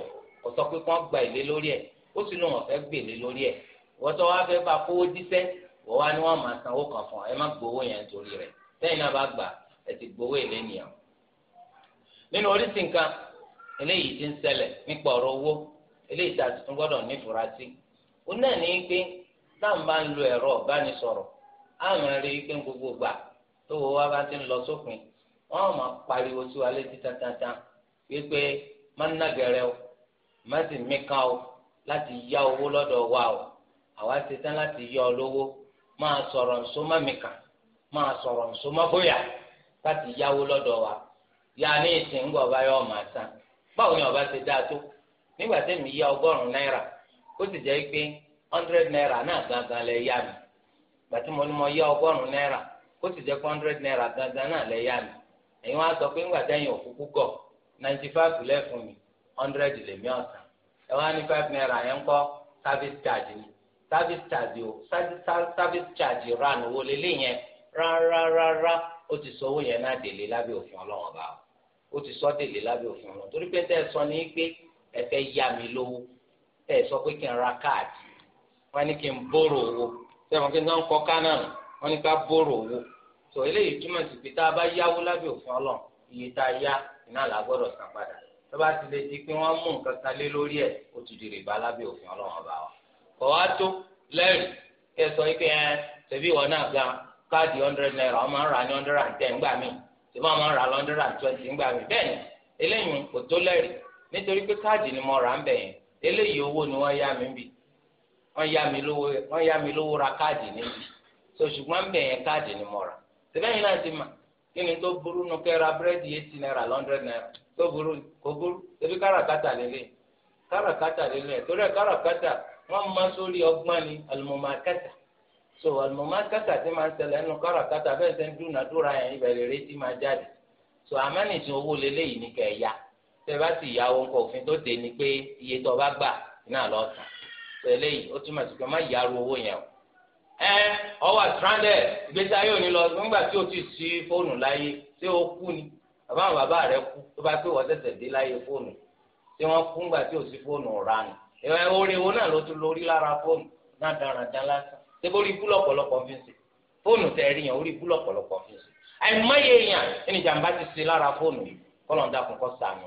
kò sọ gba èlé lórí ẹ̀ ó sì lóun ọ̀fẹ́ gbèlé lórí ẹ̀ wọ́n tó wá fẹ́ bá kówó díṣẹ́ wọ́n wá ní máa sanwó kan fún ọ ẹ má gbowó yẹn nítorí rẹ̀ sẹ́yìn náà bá gbà ẹ ti gbowó nínú oríṣi nǹkan eléyìí ti ń ṣẹlẹ̀ nípa ọ̀rọ̀ owó eléyìí ó náà ní í pé táwọn bá ń lo ẹ̀rọ àwọn pé ti ń lọ sópin wọ́n máa pariwo sí wa létí tantan má ń o ma sì mí kan o láti yá owó lọ́dọ̀ wa o àwa ti tán láti yá ọ lówó máa sọ̀rọ̀ nsó má máa sọ̀rọ̀ bóyá láti wa yá ní ìsìn ń ọba yọ ọmọ àtàn báwo ni ọba ti dáa tó nígbà tí mi yá ọgọ́rùn náírà ó pé hundred naira náà gangan yá mi mo ní mo yá náírà ó naira gangan náà lẹ yá mi sọ pé ńgbà tẹ́yìn hundred lèmi ọ̀sán ẹ wá ní five naira yẹn ń service charge ni service charge o service charge ran owó lélẹ̀ yẹn rárárárá ó ti sọ owó yẹn náà délé lábẹ́ òfin ọlọ́wọ́n ọba ó ti sọ délé lábẹ́ òfin ọlọ́wọ́n torí pé tẹ́ ẹ sọ ní pé ẹ yá mi lówó ẹ sọ pé kí n ra káàdì wọn ní kí n bóró owó sẹ́wọ̀n kí n náà ń ní ká bóró owó tó eléyìí túmọ̀ sí pé tá a bá yáwó òfin iye tá a yá iná làá tọ́ba ti lè di pé wọ́n mú nǹkan kan lé lórí ẹ̀ ó ti di rìbá lábẹ́ òfin ọlọ́run ọba wa kọ̀ wá tó lẹ́rìí kí ẹ sọ pé ẹ tẹ̀bí ìwọ náà gan káàdì hundred naira ọmọ ń rà ní hundred and ten gbà mí tẹ̀bí ọmọ ń rà ní hundred and twenty gbà mí bẹ́ẹ̀ ni eléyìí kò tó lẹ́rìí nítorí pé káàdì ni mo rà ń bẹ̀ yẹn eléyìí owó ni wọ́n yá mi bì wọ́n yá mi lówó ra káàdì níbi so ṣùgbọ́n ń bẹ̀ yẹn káàdì ni mo rà tẹ̀bẹ́yìn náà ti mà kí ni tó burú nu kẹ́ra búrẹ́dì eighty naira hundred naira tó burú kò burú ebi káràkátà lélẹ̀ káràkátà lélẹ̀ torí ẹ̀ káràkátà wọ́n máa sórí ọgbọ́n ni àlùmọ̀mọ́kátà so àlùmọ̀mọ́kátà ti máa ń ṣẹlẹ̀ nínú káràkátà bẹ́ẹ̀ sẹ́ ń dúnadúrà yẹn ìbẹ̀rẹ̀ rẹ máa jáde so amánìsìn owó lélẹ́yìí ní kẹ́ ya tẹ́ bá sì yàwó nǹkan òfin tó dé ni pé iye tó bá gbà náà lọ́ọ̀tàn tẹ́lẹ̀ yìí ó túmọ̀ ẹ ọwọ stranded ìgbésí ayé òní lọ nígbà tí o ti sí fóònù láyé ṣé o kú ni bàbá àwọn bàbá rẹ kú tó bá pé wọ́n tẹ̀sẹ̀ dé láyé fóònù tí wọ́n kú nígbà tí o sí fóònù ọ̀ra ni ẹ orin wo náà ló tún lórí lára fóònù náà dáradá lásán ṣé bó rí ikú lọ́pọ̀lọpọ̀ fi ń ṣe fóònù tẹ̀ rí yàn ó rí ikú lọ́pọ̀lọpọ̀ fi ń ṣe àìmọye èèyàn ẹnìjàmbá ti ṣe lára fóònù yìí kọ́lọ̀ ń dákun kọ́ sànù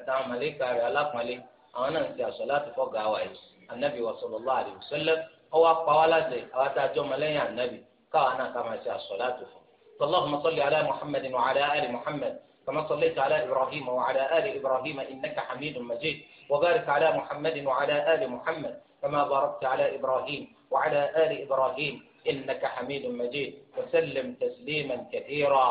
àtàwọn màlẹ́kà rẹ̀ alápọ̀nlé àwọn náà ń ṣe àsàlátù fọ́gà wa yìí ànábì wa sallallahu alaihi wasallam ọwọ́ apáwá láti àwọn àtàjọ́ mọ́lẹ́yìn ànábì káwọn náà ká máa ṣe àsàlátù fún اللهم صل على محمد وعلى آل محمد كما صليت على إبراهيم وعلى آل إبراهيم إنك حميد مجيد وبارك على محمد وعلى آل محمد كما باركت على إبراهيم وعلى آل إبراهيم إنك حميد مجيد وسلم تسليما كثيرا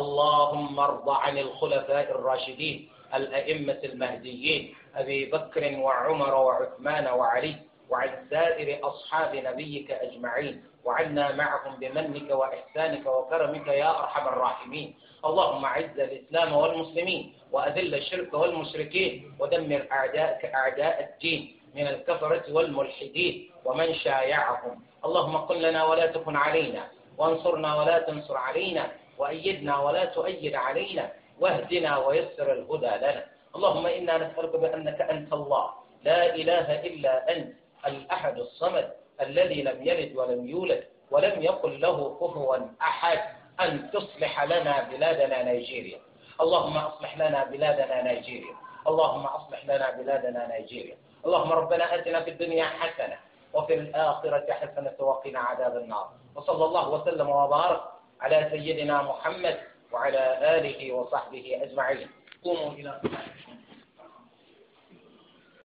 اللهم ارض عن الخلفاء الراشدين الأئمة المهديين أبي بكر وعمر وعثمان وعلي وعن سائر أصحاب نبيك أجمعين وعنا معهم بمنك وإحسانك وكرمك يا أرحم الراحمين اللهم أعز الإسلام والمسلمين وأذل الشرك والمشركين ودمر أعداءك أعداء الدين من الكفرة والملحدين ومن شايعهم اللهم قل لنا ولا تكن علينا وانصرنا ولا تنصر علينا وأيدنا ولا تؤيد علينا واهدنا ويسر الهدى لنا اللهم إنا نسألك بأنك أنت الله لا إله إلا أنت الأحد الصمد الذي لم يلد ولم يولد ولم يقل له كفوا أحد أن تصلح لنا بلادنا نيجيريا اللهم أصلح لنا بلادنا نيجيريا اللهم أصلح لنا بلادنا نيجيريا اللهم ربنا أتنا في الدنيا حسنة وفي الآخرة حسنة وقنا عذاب النار وصلى الله وسلم وبارك على سيدنا محمد وعلى آله وصحبه أجمعين قوموا إلى صلاة